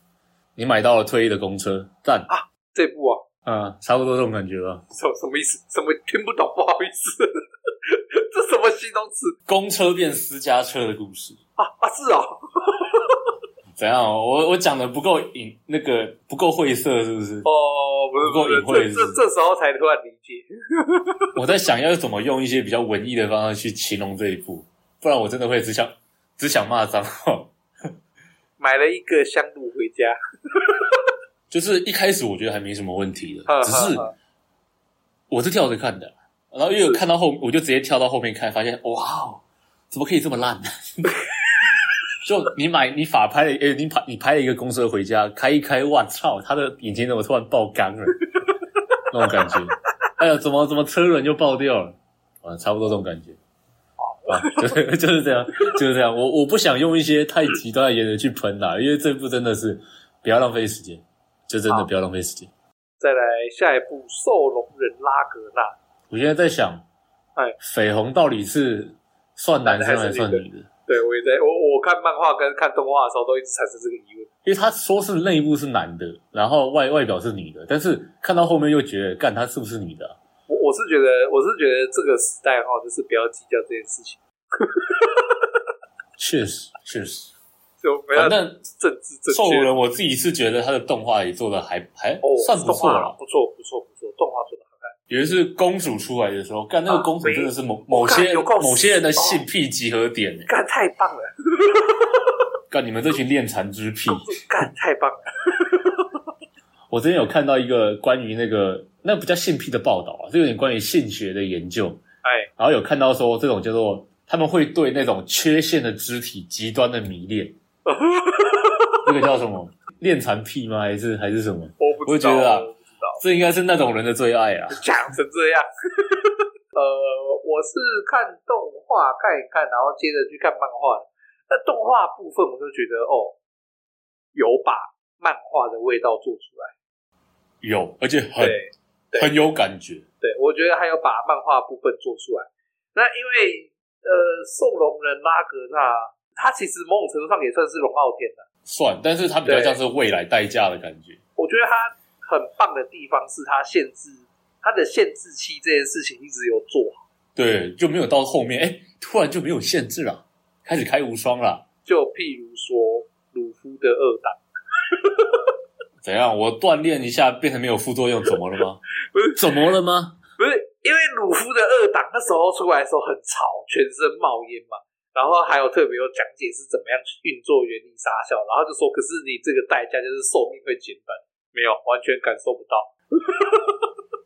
你買到了退役的公車站啊這部啊嗯、啊、差不多這種感覺啊。什麼什麼意思什麼聽不懂，不好意思 這什麼新東西，公車變私家車的故事啊。啊，是哦、啊。 怎樣？我我講的不夠隱，那個不夠晦澀，是不是？哦，不夠隱晦，這是是這,這時候才突然理解。 我在想要怎麼用一些比較文藝的方式去形容這一部，不然我真的會只想只想罵髒話。買了一個香爐回家， 就是一開始我覺得還沒什麼問題的， 只是 我是跳着看的，然後又有看到後面，我就直接跳到後面看，發現哇哦，怎麼可以這麼爛呢？ 就你買你法拍的，哎、欸，你拍你拍了一個公車回家，開一開，我操，他的引擎怎麼突然爆缸了？ 那種感覺，哎呀，怎麼怎麼車輪就爆掉了？啊，差不多這種感覺，啊，就是就是這樣，就是這樣。我我不想用一些太極端的言論去噴啦，因為這一部真的是不要浪費時間，就真的不要浪費時間。再來，下一部，《狩龍人拉格納》，我現在在想，緋紅到底是算男的還是、那個、還算女的？對，我也在。我我看漫畫跟看動畫的時候，都一直產生這個疑問。因為他說是內部是男的，然後外外表是女的，但是看到後面又覺得，幹他是不是女的啊？我我是覺得，我是覺得這個時代哈，就是不要計較這件事情。確實，確實，就反正政治政治正確。我自己是覺得他的動畫也做的還還算不錯啦，哦，動畫了，不錯，不錯，不錯，不錯，動畫做的。有一次公主出來的時候，幹那個公主真的是某、啊、某些某些人的性癖集合點，哦，幹太棒了！ 幹你們這群戀殘之癖，幹太棒了！ 我之前有看到一個關於那個那不、個、叫性癖的報道啊，這有點關於性學的研究，哎。然後有看到說這種叫做他們會對那種缺陷的肢體極端的迷戀，這 個叫什麼戀殘癖嗎？還是還是什麼？我不知道我會覺得啊。這應該是那種人的最愛啊！講成這樣 ， 呃，我是看動畫看一看，然後接着去看漫畫的。那動畫部分，我就覺得哦，有把漫畫的味道做出來，有，而且很很有感覺。對，我覺得還有把漫畫部分做出來。那因為呃，送龍人拉格納，他其實某種程度上也算是龍傲天的，算，但是他比較像是未來代價的感覺。我覺得他。很棒的地方是，它限制它的限制器，這件事情一直有做好，對，就沒有到後面，哎、欸，突然就沒有限制了，開始開無雙了。就譬如說，魯夫的二檔， 怎樣？我鍛鍊一下，變成沒有副作用，怎麼了嗎？ 不是怎麼了嗎？不是因為魯夫的二檔那時候出來的時候很吵，全身冒煙嘛，然後還有特別有講解是怎麼樣去運作原理殺小，然後就說，可是你這個代價就是壽命會減半。沒有，完全感受不到。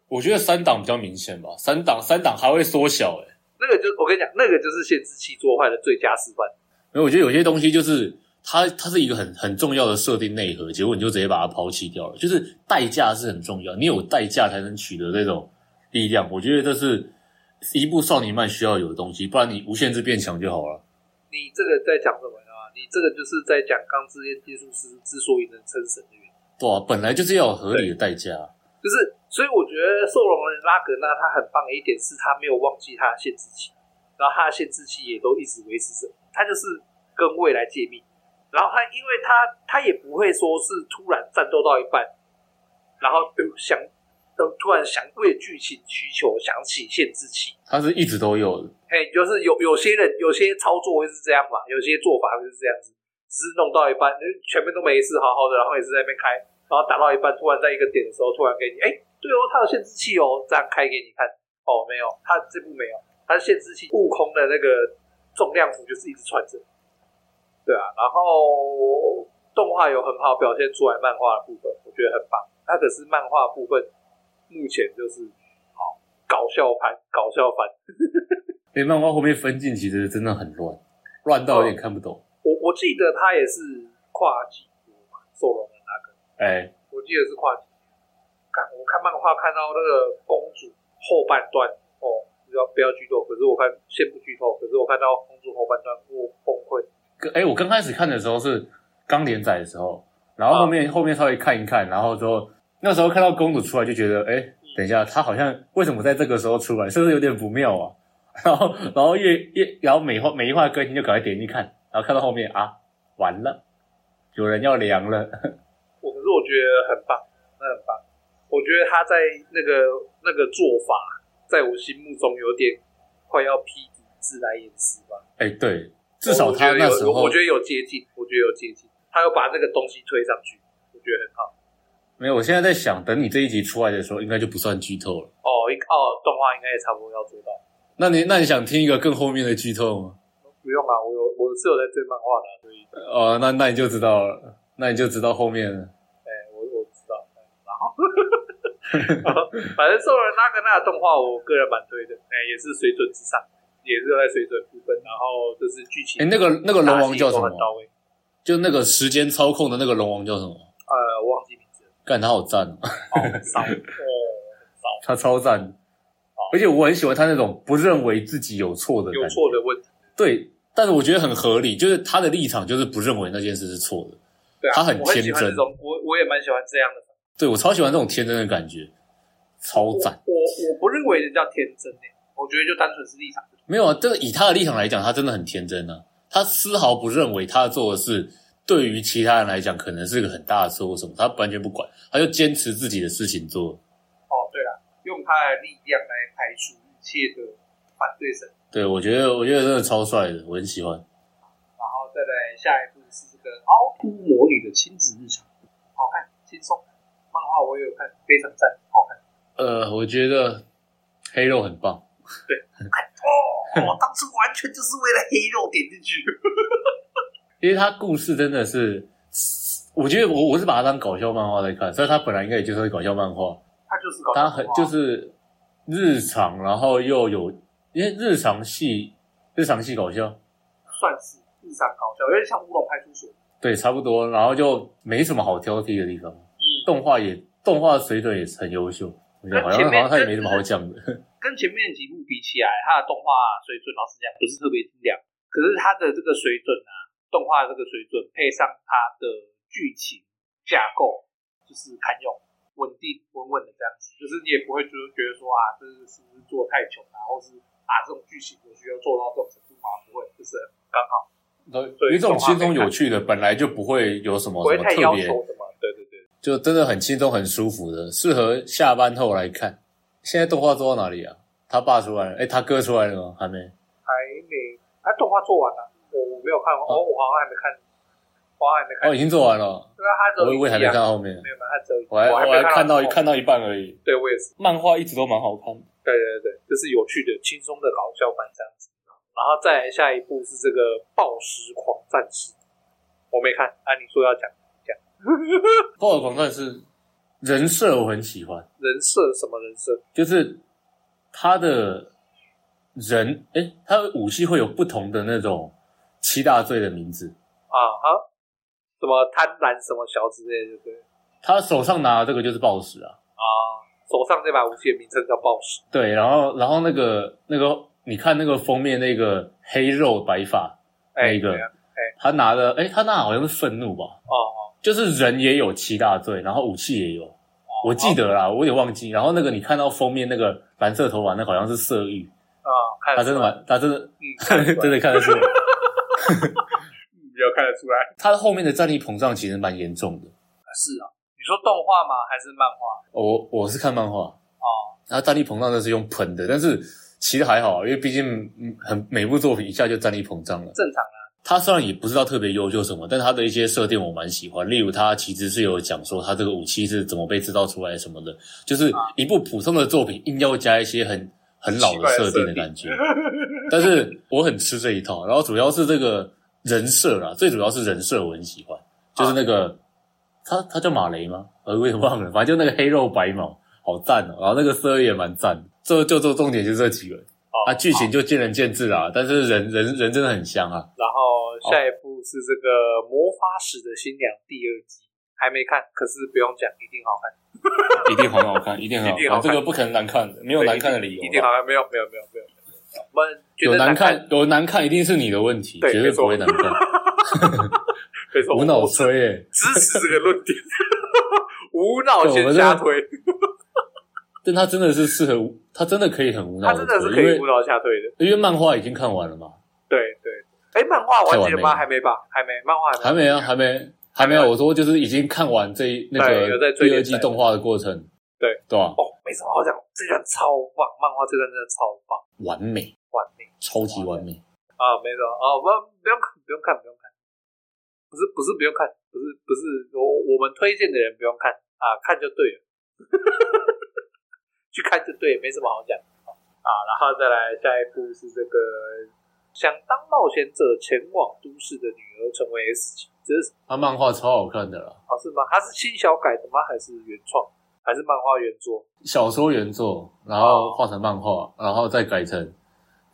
我覺得三檔比較明顯吧，三檔三檔還會縮小，欸。哎，那個就我跟你講，那個就是限制器做壞的最佳示範。沒有，我覺得有些東西就是它，它是一個很很重要的設定內核，結果你就直接把它拋棄掉了。就是代價是很重要，你有代價才能取得那種力量。我覺得這是一部少年漫需要有的東西，不然你無限制變強就好了。你這個在講什麼啊？你這個就是在講鋼之煉金技術師之所以能稱神的原因。對啊，本來就是要有合理的代價。就是，所以我覺得受容人拉格納他很棒的一點是他沒有忘記他的限制器，然後他的限制器也都一直維持着，他就是跟未來見面。然後他，因為他他也不會說是突然戰鬥到一半，然後、呃、想、呃，突然想為劇情需求想起限制器。他是一直都有的。嘿、欸，就是有有些人有些操作會是這樣嘛，有些做法會是這樣子。只是弄到一半，前面都沒事好好的，然後也是在那邊開，然後打到一半，突然在一個點的時候，突然給你，哎，對哦，他有限制器哦，這樣開給你看。哦，沒有，他這部沒有，他限制器，悟空的那個重量服就是一直穿着，對啊。然後動畫有很好表現出來漫畫的部分，我覺得很棒。它可是漫畫部分目前就是好搞笑番，搞笑番。誒，漫畫後面分鏡其實真的很亂，亂到有點看不懂。哦我我記得他也是跨季播嘛，受龍的那個。哎、欸，我記得是跨季。看，我看漫畫看到那個公主後半段哦，不要不要劇透。可是我看先不劇透，可是我看到公主後半段我崩潰。哎、欸，我剛開始看的時候是剛連載的時候，然後後面、啊、後面稍微看一看，然後說那時候看到公主出來就覺得哎、欸，等一下她，好像為什麼在這個時候出來，是不是有點不妙啊？然後然後越越然後每話、每一話更新就趕快點進去看。看到後面啊，完了，有人要涼了。我可是我覺得很棒，那很棒。我覺得他在那個那個做法，在我心目中有點快要披敵自來掩飾吧。哎、欸，對，至少他那時候我，我覺得有接近，我覺得有接近，他又把這個東西推上去，我覺得很好。沒有，我現在在想，等你這一集出來的時候，應該就不算劇透了。哦、oh,，一、oh, 個動畫應該也差不多要做到。那你那你想聽一個更後面的劇透嗎？不用啊，我有。是有在追漫畫的、啊對，哦，那那你就知道了，那你就知道後面了。哎、欸，我我知道。然、嗯、後、 哦，反正說了那個那個動畫，我個人蠻推的，哎、欸，也是水準之上，也是在水準部分。然後就是劇情，哎、欸，那個那個龍王叫什麼？嗯、就那個時間操控的那個龍王叫什麼？嗯、呃，我忘記名字了。幹他好讚哦！ 哦！他超讚、哦，而且我很喜歡他那種不認為自己有錯的有錯的問題，對。但是我覺得很合理，就是他的立場就是不認為那件事是錯的。對啊，他很天真。我我，我也蠻喜歡這樣的。對，我超喜歡這種天真的感覺，超贊。我我，我不認為人家天真，我覺得就單純是立場。沒有啊，這、就、個、是、以他的立場來講，他真的很天真啊。他絲毫不認為他做的事對於其他人來講可能是一個很大的錯誤什麼，他完全不管，他就堅持自己的事情做。哦，對了，用他的力量來排除一切的反對聲。對，我覺得我覺得真的超帥的，我很喜歡。然後再來下一部是這個《凹凸魔女》的親子日常，好看輕鬆。漫畫我也有看，非常讚，好看。呃，我覺得黑肉很棒，對，很快。哦，當時完全就是為了黑肉點進去。 因為他故事真的是，我覺得我我是把它當搞笑漫畫在看，所以他本來應該也就是搞笑漫畫。他就是搞笑漫畫，他很就是日常，然後又有。因為日常戲，日常戲搞笑，算是日常搞笑，有點像烏龍派出所。對，差不多，然後就沒什麼好挑剔的地方。嗯，動畫也，動畫水準也是很優秀，我覺得好像好像他也沒什麼好講的。跟前面幾部比起來，他的動畫水準老實講不是特別亮，可是他的這個水準啊，動畫這個水準配上他的劇情架構，就是堪用穩定穩穩的這樣子，就是你也不會就是覺得說啊，這、就是是不是做太久，然、啊、後是啊這種劇情有需要做到這種程度嗎？不會，就是剛好。對，對。有這種輕鬆有趣的，本來就不會有什麼什麼特別。不會太要求的嘛？對對對。就真的很輕鬆很舒服的，適合下班後來看。現在動畫做到哪裡啊？他爸出來了，哎、欸，他哥出來了嗎？還沒。還沒，哎、啊，動畫做完了、啊，我沒有看、啊，哦，我好像還沒看。哦，已經做完了，為我也會還，沒、啊、沒我還，我還沒看到後面。沒有，我我還看到一看到一半而已。對我也是。漫畫一直都蠻好看的。對對對，就是有趣的、輕鬆的老教版這樣子。然後再來下一部是這個暴食狂戰士，我沒看。按、啊、你說要講講。暴食狂戰士，呵呵呵人設我很喜歡。人設什麼人設？就是他的人，哎、欸，他的武器會有不同的那種七大罪的名字啊哈。Uh-huh. 什麼貪婪，什麼小資，這些對不對？他手上拿的這個就是暴食啊！啊、uh，手上這把武器的名稱叫暴食。對，然後，然後那個那個，你看那個封面那個黑肉白髮那一個、欸啊欸，他拿的，哎、欸，他那好像是憤怒吧？哦、oh, oh. 就是人也有七大罪，然後武器也有，oh, 我記得啦，oh. 我也忘記。然後那個你看到封面那個藍色頭髮，那個、好像是色欲啊、oh？他真的嗎？他真的真的、嗯、 看得上出去 比較看得出來，它的後面的戰力膨脹其實蠻嚴重的。是啊，你說動畫嗎？還是漫畫？我我是看漫畫哦。他戰力膨脹那是用噴的，但是其實還好，因為畢竟很，很每部作品一下就戰力膨脹了，正常啊。他雖然也不知道特別優秀什麼，但他的一些設定我蠻喜歡。例如，他其實是有講說他這個武器是怎麼被製造出來什麼的，就是一部普通的作品硬要加一些很很老的設定的感覺。 但是我很吃這一套，然後主要是這個。嗯人設啦，最主要是人設我很喜歡，啊、就是那個他他叫馬雷嗎？我也忘了，反正就那個黑肉白毛，好讚哦、喔！然後那個色也蠻讚，就就就重點就是這幾個。啊，劇、啊、情就見仁見智啦，嗯、但是人人人真的很香啊。然後下一部是這個《魔法使的新娘》第二季、哦，還沒看，可是不用講，一定好看， 一定好看，一定很好看，一定好看，這個不可能難看的，沒有難看的理由，一定，一定好看，沒有沒有沒有。沒有沒有我難有難看，有難看，一定是你的問題，絕對不會難看。呵呵無腦吹、欸，支持這個論點。 無腦先下推， 但他真的是適合，他真的可以很無腦的推，他真的是可以無腦下推的，因為，因為漫畫已經看完了嘛。對對，誒漫畫完結了嗎？還沒吧，還沒，漫畫還沒啊，還沒，還沒有。我說就是已經看完這一那個第二季動畫的過程。對對啊，哦，沒什麼好講，這段超棒，漫畫這段真的超棒，完美，完美，超級完美，完美啊，沒錯啊，哦，不不用，不用看，不用看，不用看，不是不是不用看，不是不是我我們推薦的人不用看啊，看就對了， 去看就對，沒什麼好講啊，然後再來下一步是這個，想當冒險者前往都市的女兒成為 S 級，這是他漫畫超好看的啦，啊是嗎？他是新小改的嗎？還是原創？還是漫畫原作，小說原作，然後畫成漫畫，哦，然後再改成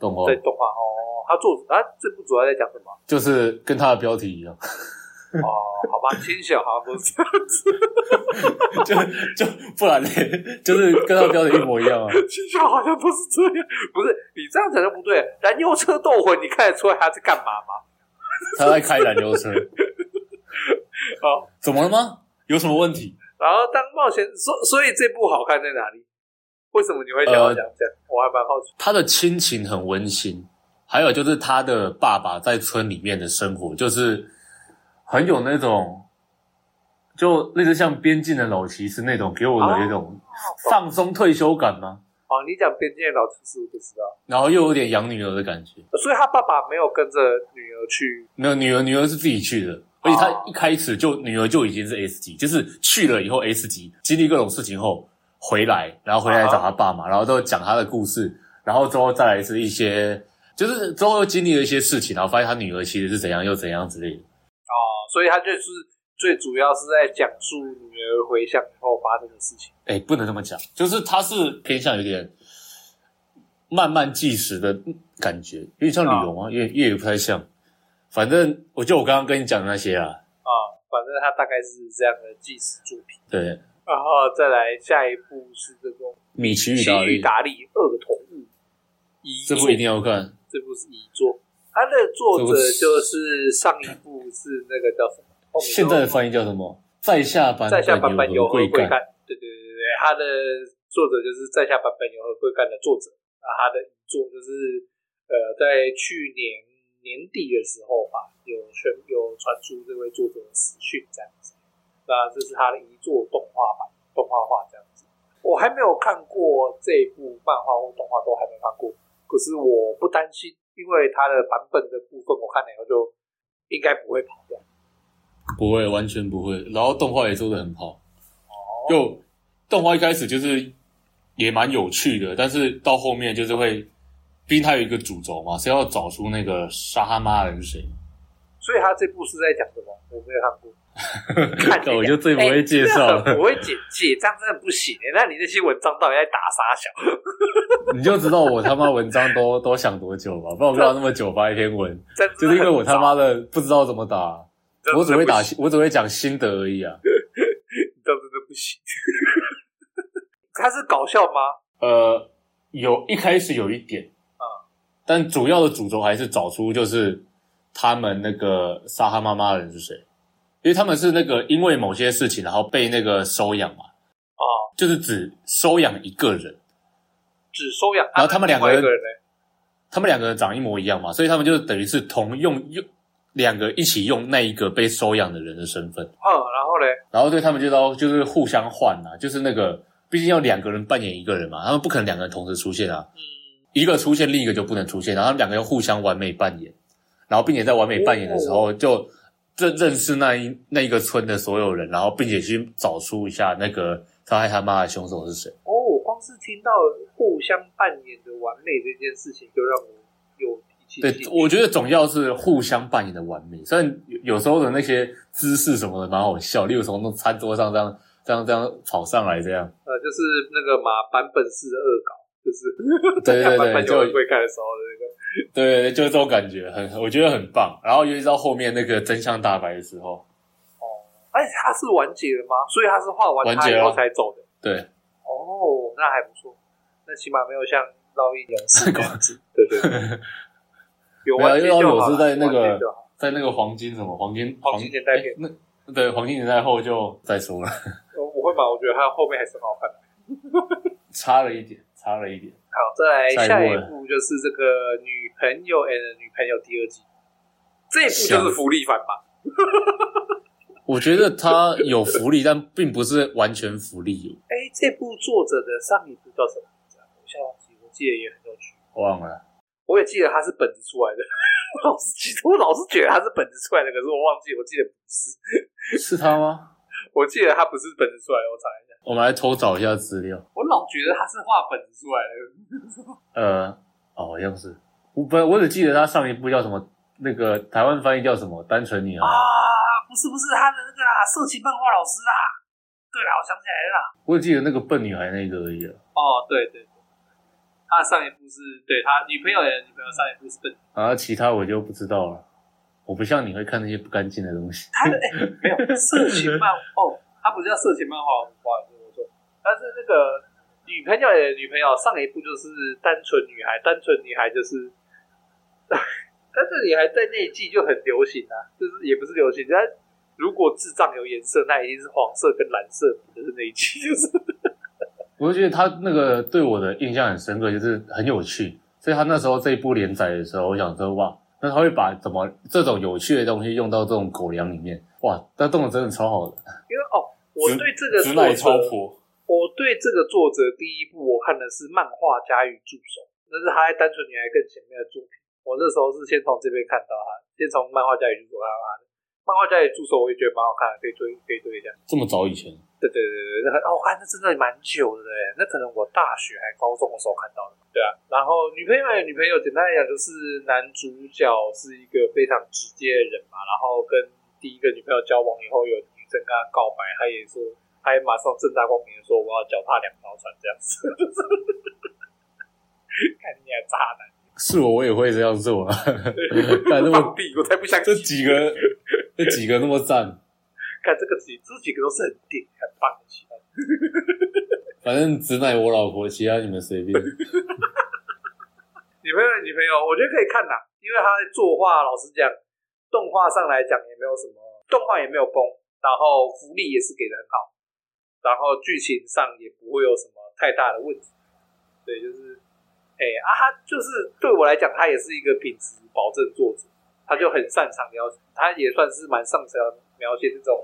動畫。對，動畫哦。他做他、啊、這部主要在講什麼？就是跟他的標題一樣。哦，好吧，青小好像不是這樣子， 就就不然呢？就是跟他的標題一模一樣啊。青小好像不是這樣，不是你這樣才就不對。燃油車鬥魂，你看得出來他在幹嘛嗎？他在開燃油車。 好，怎麼了嗎？有什麼問題？然後當冒險，所所以這部好看在哪裡？為什麼你會跟我講這樣、呃？我還蠻好奇。他的親情很溫馨，還有就是他的爸爸在村裡面的生活，就是很有那種，就類似像邊境的老騎士那種給我的一種放鬆退休感嗎、啊哦？哦，你講邊境的老騎士我就知道。然後又有點養女兒的感覺、呃，所以他爸爸沒有跟着女兒去，沒有女兒，女兒是自己去的。而且他一開始就、oh. 女兒就已經是 S 級，就是去了以後 S 級，經歷各種事情後回來，然後回來找他爸媽，oh. 然後都講他的故事，然後最後再來是一些，就是最後經歷了一些事情，然後發現他女兒其實是怎樣又怎樣之類的。哦、oh,，所以他就是最主要是在講述女兒回鄉後發生的事情。哎、欸，不能這麼講，就是他是偏向有點慢慢計時的感覺，有點像旅遊啊，越、oh. 越不太像。反正我就我剛剛跟你講的那些啊啊，反正他大概是這樣的紀實作品。對，然後再來下一部是這個。米奇與達利，利二同物遺作，這部一定要看。這部是遺作，他的作者就是上一部是那個叫什麼？後面現在的翻譯叫什麼？在下版本有何貴幹？對對對對對，他的作者就是在下版本有何貴幹的作者啊，他的遺作就是呃，在去年。年底的時候吧，有宣有傳出這位作者的死訊這樣子。那這是他的一座動畫版動畫畫這樣子。我還沒有看過這一部漫畫或動畫，都還沒看過。可是我不擔心，因為它的版本的部分我看了以後，就應該不會跑掉。不會，完全不會。然後動畫也做得很好。哦。就動畫一開始就是也蠻有趣的，但是到後面就是會。畢竟他有一個主軸嘛，是要找出那個殺他媽的人是誰。所以他這部是在講什麼？我沒有看過。 看你講 我就最不會介紹，欸、不會簡介，這樣真的不行、欸。那你那些文章到底在打啥小？ 你就知道我他媽文章都都想多久了，不然我不知道那麼久發 一篇文。就是因為我他媽的不知道怎麼打，我只會打，我只會講心得而已啊。 你這樣真的不行。 他是搞笑嗎？呃，有一開始有一點。但主要的主軸還是找出就是他們那個殺他媽媽的人是誰，因為他們是那個因為某些事情，然後被那個收養嘛。哦，就是只收養一個人，只收養。然後他們兩個人他們兩個人長一模一樣嘛，所以他們就是等於是同用用兩個一起用那一個被收養的人的身份。嗯，然後呢？然後對他們就都，就是互相換啦，就是那個畢竟要兩個人扮演一個人嘛，他們不可能兩個人同時出現啊。嗯。一個出現，另一個就不能出現，然後他們兩個又互相完美扮演，然後並且在完美扮演的時候，就認認識那一那一個村的所有人，然後並且去找出一下那個殺害他媽的凶手是誰。哦，光是聽到互相扮演的完美這件事情，就讓我有脾氣。對，我覺得總要是互相扮演的完美，雖然有時候的那些姿勢什麼的蠻好笑，例如從那餐桌上這樣這樣這樣跑上來這樣。呃，就是那個嘛，版本式的惡搞。就是對對對，就會看的時候的那個對對對，對，就這種感覺，很我覺得很棒。然後尤其到後面那個真相大白的時候，哦，哎、欸，他是完結了嗎？所以他是畫完結以後才走的，對，哦，那還不錯，那起碼沒有像繞一點是，光子， 對對，對 有。沒有，因為有是在那個在那個黃金什麼黃金黃，黃金年代、欸、那對黃金年代後就再說了。我會吧？我覺得他後面還是很好看的， 差了一點。差了一點。好，再來下一部就是這個女《女朋友 and 女朋友》第二季。這一部就是福利番吧？我覺得它有福利， 但並不是完全福利有。哎、欸，這一部作者的上一部叫什麼名字？我忘記，我記得也很有趣。忘了，我也記得他是本子出來的。 我老是記得，我老是覺得他是本子出來的，可是我忘記，我記得不是。 是他嗎？我記得他不是本子出來的，我猜。我們來偷找一下資料。我老覺得他是畫本子出來的。 呃，好、哦、好像是。我本我只記得他上一部叫什麼？那個台灣翻譯叫什麼？單純女孩啊？不是不是，他的那個啦，色情漫畫老師啊。對了，我想起來了啦。我只記得那個笨女孩那個而已了。哦，對對，對。他上一部是對，他女朋友也女朋友上一部是笨。啊，其他我就不知道了。我不像你會看那些不乾淨的東西。 他的、欸、沒有色情漫畫、 哦，他不是叫色情漫畫老師。但是那個女朋友也女朋友上一部就是單純女孩，單純女孩就是，但是女孩在那一季就很流行啊，就是也不是流行。但如果智障有顏色，那一定是黃色跟藍色，就是那一季，就是。我覺得他那個對我的印象很深刻，就是很有趣。所以他那時候這一部連載的時候，我想說哇，那他會把怎麼這種有趣的東西用到這種狗糧裡面？哇，他動的真的超好的。因為哦，我對這個直男超火。我對這個作者第一部我看的是《漫畫家與助手》，那是他在《單純女孩》更前面的作品。我那時候是先從這邊看到他，先從《漫畫家與助手》看到他，《漫畫家與助手》我也覺得蠻好看的，可以追，可以追一下。這麼早以前？對對對對，那很哦，看、啊、那真的蠻久的耶。那可能我大學還高中的時候看到的。對啊，然後女朋友還有女朋友，簡單來講就是男主角是一個非常直接的人嘛，然後跟第一個女朋友交往以後，有女生跟他告白，他也說。他也馬上正大光明的說：“我要腳踏兩條船，這樣子。”看，你個渣男！是我，我也會這樣做啊！上帝，我才不這幾個， 這幾個那麼讚！看這個幾，這幾個都是很頂、很棒的其他。反正只奶我老婆，其他你們隨便 女朋友，女朋友，我覺得可以看吶、啊，因為他在作畫。老實講，動畫上來講也沒有什麼，動畫也沒有崩，然後福利也是給的很好。然後劇情上也不會有什麼太大的問題，對，就是，哎、欸、啊，他就是對我來講，他也是一個品質保證作者，他就很擅長描，他也算是蠻擅長描寫這種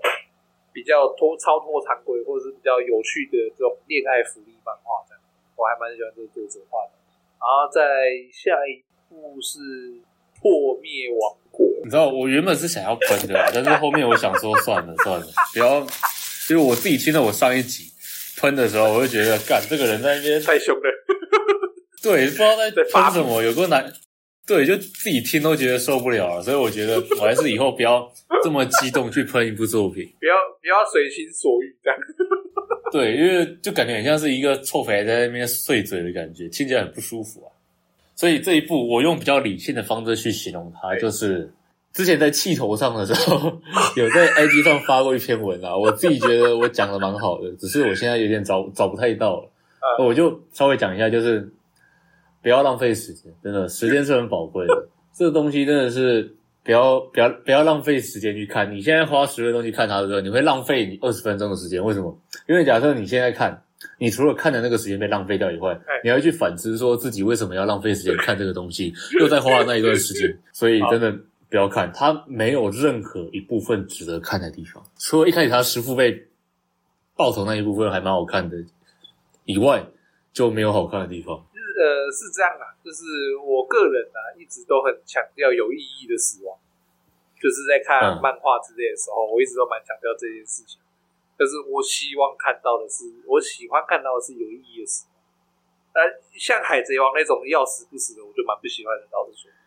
比較脫超脫常規或者是比較有趣的這種戀愛福利漫畫這樣，我還蠻喜歡這個作者畫的。然後在下一部是破滅王國，你知道我原本是想要噴的， 但是後面我想說 算了算了，不要。就我自己聽到我上一集噴的時候，我就覺得，幹這個人在那邊太凶了， 對，不知道在噴什麼，有個男，對，就自己聽都覺得受不了了，所以我覺得我還是以後不要這麼激動去噴一部作品，不要不要隨心所欲這樣， 對，因為就感覺很像是一個臭肥在那邊碎嘴的感覺，聽起來很不舒服啊，所以這一部我用比較理性的方式去形容它，就是。之前在氣頭上的時候，有在 IG 上發過一篇文啊。我自己覺得我講的蠻好的，只是我現在有點找找不太到了。我就稍微講一下，就是不要浪費時間，真的，時間是很寶貴的。這東西真的是不要不要不要浪費時間去看。你現在花十分鐘去看它的時候，你會浪費你二十分鐘的時間。為什麼？因為假設你現在看，你除了看的那個時間被浪費掉以外，你還會去反思說自己為什麼要浪費時間看這個東西，又在花那一段時間。所以真的。不要看，他沒有任何一部分值得看的地方。除了一開始他師傅被爆頭那一部分還蠻好看的以外，就沒有好看的地方。就是、呃，是這樣啊，就是我個人呢、啊、一直都很強調有意義的死亡，就是在看漫畫之類的時候，嗯、我一直都蠻強調這件事情。但是我希望看到的是，我喜歡看到的是有意義的死亡。那、呃、像海賊王那種要死不死的，我就蠻不喜歡的、這個，倒是覺得。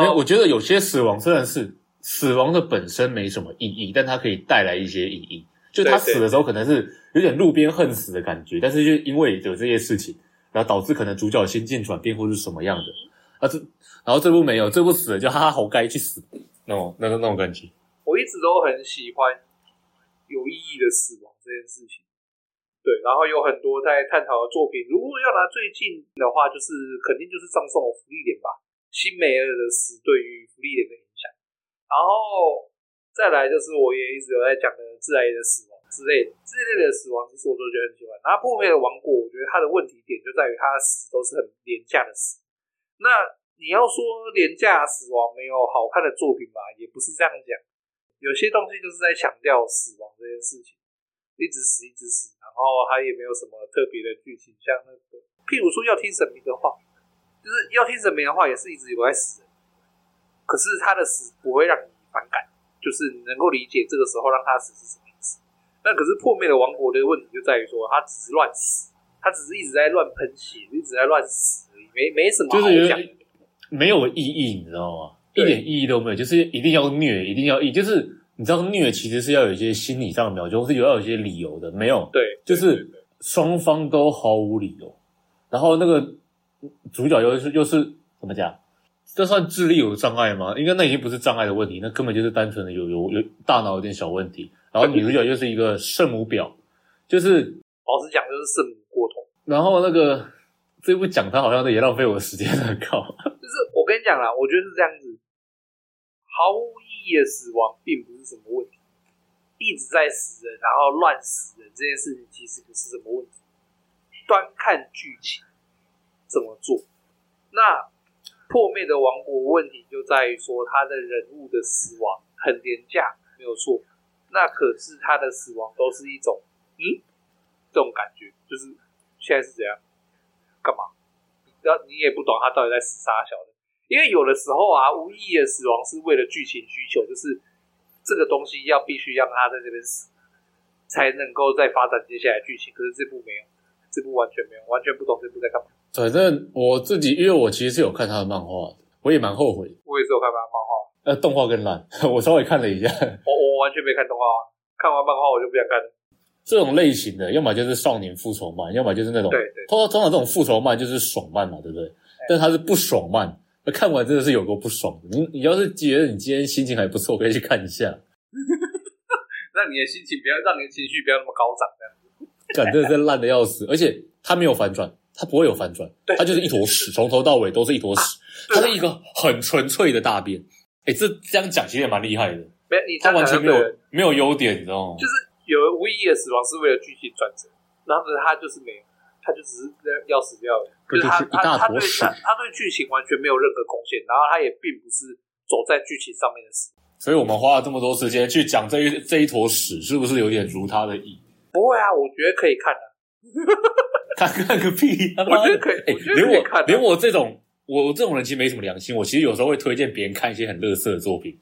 因為我覺得有些死亡雖然是死亡的本身沒什麼意義，但它可以帶來一些意義。就他死的時候可能是有點路邊橫死的感覺，嗯、但是就因為有這些事情，然後導致可能主角心境轉變或是什麼樣的。啊，這然後這部沒有這部死了就哈哈活該去死，那種那種那種感覺。我一直都很喜歡有意義的死亡這件事情。對，然後有很多在探討的作品。如果要拿最近的話，就是肯定就是葬送的芙莉蓮吧。新美爾的死對於芙莉蓮的影響，然後再來就是我也一直有在講的自來也的死亡之類的，這類的死亡其實我都覺得很喜歡。然後破滅的王國，我覺得它的問題點就在於它的死都是很廉價的死。那你要說廉價死亡沒有好看的作品吧，也不是這樣講。有些東西就是在強調死亡這件事情，一直死一直死，然後他也沒有什麼特別的劇情，像那個譬如說要聽神明的話。就是要聽什麼的話，也是一直有在死。可是他的死不會讓你反感，就是你能夠理解這個時候讓他死是什麼意思。那可是破滅的王國的問題就在於說，他只是亂死，他只是一直在亂噴血，一直在亂死，沒沒什麼就是講，沒有意義，你知道嗎？一點意義都沒有，就是一定要虐，一定要，就是你知道虐其實是要有一些心理上的描寫，是有要有一些理由的，沒有對，對，就是雙方都毫無理由，然後那個。主角又是又是怎麼講？這算智力有障礙嗎？應該那已經不是障礙的問題，那根本就是單純的有有有大腦有點小問題。然後女主角就是一個聖母婊，就是老實講就是聖母過頭。然後那個這部講他好像也浪費我的時間，搞。就是我跟你講啦，我覺得是這樣子，毫無意義的死亡並不是什麼問題，一直在死人，然後亂死人這件事情其實不是什麼問題。端看劇情。怎麼做？那破滅的王國問題就在於說，他的人物的死亡很廉價，沒有錯。那可是他的死亡都是一種嗯，這種感覺就是現在是怎樣？幹嘛？你你也不懂他到底在死殺小的，因為有的時候啊，無意義的死亡是為了劇情需求，就是這個東西要必須讓他在這邊死，才能夠再發展接下來劇情。可是這部沒有，這部完全沒有，完全不懂這部在幹嘛。反正我自己，因為我其實是有看他的漫畫，我也蠻後悔。我也是有看漫畫，呃，動畫更爛。我稍微看了一下，我我完全沒看動畫。看完漫畫，我就不想看。這種類型的，要麼就是少年復仇漫，要麼就是那種。對對，通通常這種復仇漫就是爽漫嘛，對不對？對。但他是不爽漫，那看完真的是有夠不爽的。你你要是覺得你今天心情還不錯，可以去看一下。 那你的心情不要，讓你的情緒不要那麼高漲。這感覺真的是爛的要死， 而且他沒有反轉。他不會有反轉，他就是一坨屎，從 頭到尾都是一坨屎。啊啊、他是一個很純粹的大便。哎、欸，這這樣講其實也蠻厲害的，沒有，他完全沒有沒有優點，你知道嗎？就是有無意義的死亡是為了劇情轉折，然後他就是沒有，他就只是要死掉了，就是他是一大坨屎他他，他對劇情完全沒有任何貢獻，然後他也並不是走在劇情上面的死。所以我們花了這麼多時間去講這一這一坨屎，是不是有點如他的意？不會啊，我覺得可以看的、啊。 他看個屁他看他！我覺得可以。我可以啊欸、連我，看，連我這種，我我這種人其實沒什麼良心。我其實有時候會推薦別人看一些很樂色的作品，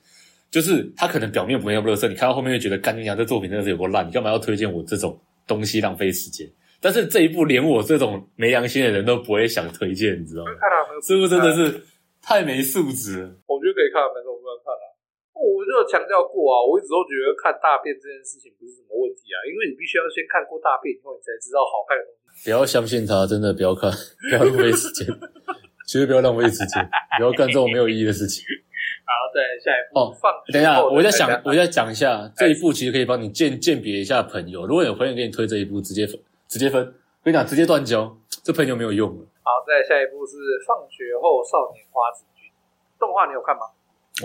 就是他可能表面不會有不樂色，你看到後面會覺得，乾淨娘，這作品真的是有夠爛！你幹嘛要推薦我這種東西，浪費時間？但是這一部連我這種沒良心的人都不會想推薦，你知道嗎？看啊看啊、是不是真的是太沒素質。我覺得可以看、啊，沒什麼、啊、不能看了。我就有強調過啊，我一直都覺得看大便這件事情不是什麼問題啊，因為你必須要先看過大便，以後你才知道好看的東西。不要相信他，真的不要看，不要浪費時間， 絕對不要浪費時間，不要幹這種沒有意義的事情。 好，再下一部。哦，放學後，等一下，我再想，我再講一下，一下這一部其實可以幫你鑑鑑別一下朋友。如果有朋友給你推這一部，直接分直接分，跟你講，直接斷交，這朋友沒有用了。好，再下一部是《放學後少年花子君》動畫，你有看嗎？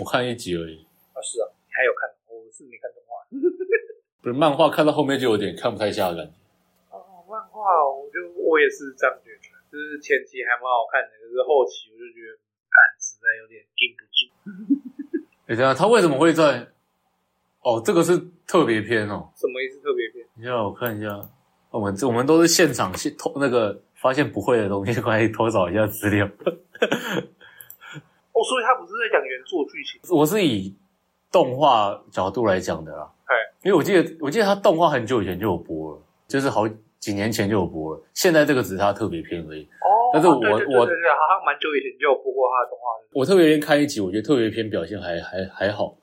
我看一集而已。啊、哦，是啊，你還有看？我是沒看動畫， 不是漫畫，看到後面就有點看不太下的感覺。哦，漫畫、哦。我也是這樣覺得，就是前期還蠻好看的，可是後期我就覺得，哎，實在有點頂不住。等一下，他為什麼會在哦，這個是特別篇哦。什麼意思特別篇？你讓我看一下，我們我們都是現場現偷那個發現不會的東西，可以偷找一下資料。 哦，所以他不是在講原作劇情，我是以動畫角度來講的啦。對，因為我記得我記得他動畫很久以前就有播了，就是好。幾年前就有播了，現在這個只是他特別篇而已。哦，但是我、啊、對對對對我對好像蠻久以前就有播過他的動畫。我特別願意看一集，我覺得特別篇表現還還還好、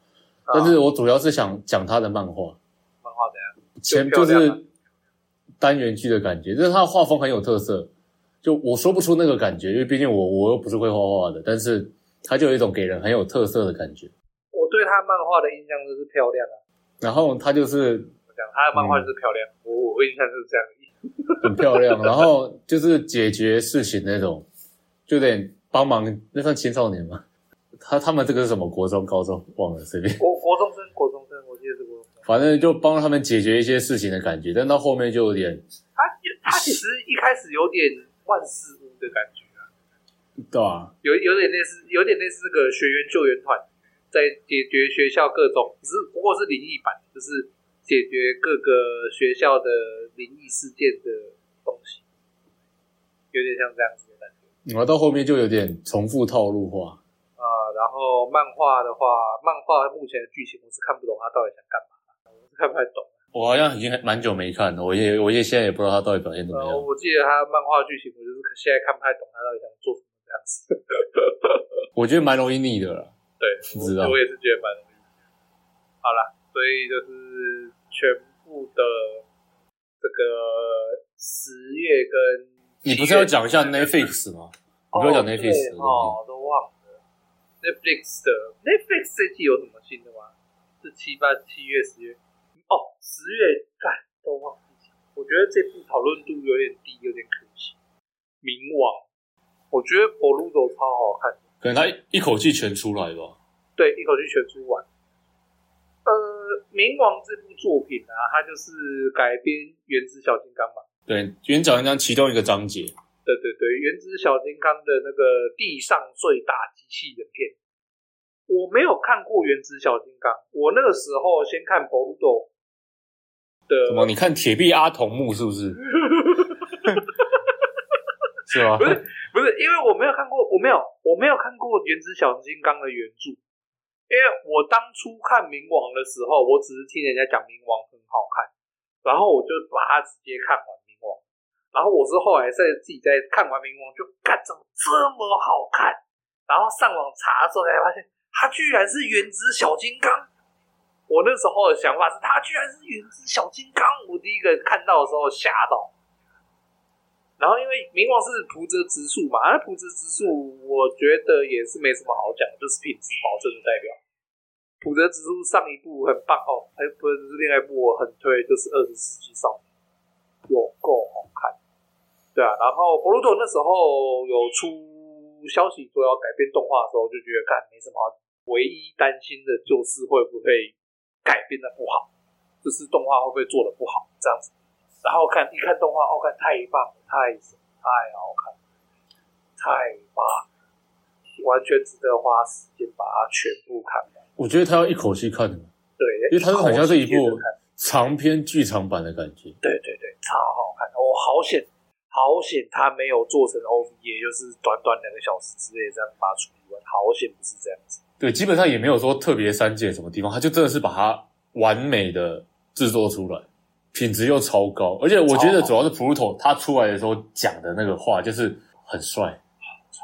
啊，但是我主要是想講他的漫畫。漫畫怎樣？前就，就是單元劇的感覺，就是他的畫風很有特色，就我說不出那個感覺，因為畢竟我我又不是會畫畫的，但是他就有一種給人很有特色的感覺。我對他漫畫的印象就是漂亮啊，然後他就是我講？他的漫畫是漂亮，嗯、我我印象是這樣。很漂亮， 然後就是解決事情那種，就點幫忙，那算青少年嗎？他他們這個是什麼國中、高中忘了隨便，這邊國國中生、國中生，我記得是國中生。反正就幫他們解決一些事情的感覺，但到後面就有點他他其實一開始有點萬事屋的感覺啊，對 啊，有有點類似，有點類似這個學園救援團在解決學校各種，只是不過是靈異版，就是。解決各個學校的靈異事件的東西，有點像這樣子的感覺。我到後面就有點重複套路化。啊、然後漫畫的話，漫畫目前的劇情我是看不懂，他到底想幹嘛？我是看不太懂。我好像已經蠻久沒看了，我也我也現在也不知道他到底表現怎麼樣。嗯、我記得他漫畫劇情，我就是現在看不太懂他到底想做什麼這樣子。 我覺得蠻容易膩的了。對，我知道。我也是覺得蠻容易膩的。好了，所以就是。全部的這個十月跟，你不是要講一下 Netflix 嗎？哦、你不要講 Netflix 哦，都忘了 Netflix 的 Netflix 這季有什麼新的嗎？是七八七月十月哦十月，哎、哦，都忘了。我覺得這部討論度有點低，有點可惜。冥王，我覺得《博魯佐》超好看，可能他一口氣全出來吧？對，一口氣全出完。《冥王》這部作品啊，它就是改編《原子小金剛》嘛。對，對，《原子小金剛》其中一個章節。對對對，《原子小金剛》的那個地上最大機器人片。我沒有看過《原子小金剛》，我那個時候先看的《Power Dog》的…什麼？你看《鐵臂阿童木》是不是？ 是嗎？不是，不是，因為我沒有看過，我沒有，我沒有看過《原子小金剛》的原著。因為我當初看冥王的時候，我只是聽人家講冥王很好看，然後我就把它直接看完冥王，然後我是後來在自己在看完冥王就，就看怎麼這麼好看，然後上網查的時候才發現它居然是原子小金剛。我那時候的想法是它居然是原子小金剛，我第一個看到的時候嚇到。然後，因為冥王是浦澤直樹嘛，那、啊、浦澤直樹我覺得也是沒什麼好講，就是品質保證的代表。浦澤直樹上一部很棒哦，還有另外一部我很推，就是《二十世紀少年》，有夠好看。對啊，然後博魯托那時候有出消息說要改編動畫的時候，就覺得看沒什麼，唯一擔心的就是會不會改編的不好，就是動畫會不會做的不好這樣子。然後看一看動畫，好看，太棒了，太，太好看了，太棒了，完全值得花時間把它全部看完。我覺得他要一口氣看完。對，因為它是很像是一部長篇劇場版的感覺。對，對對對，超好看！我好險，好險，他沒有做成 OVA，也就是短短兩個小時之內這樣發出一萬，好險不是這樣子。對，基本上也沒有說特別刪減什麼地方，他就真的是把它完美的製作出來。品質又超高，而且我覺得主要是普魯托他出來的時候講的那個話就是很帥，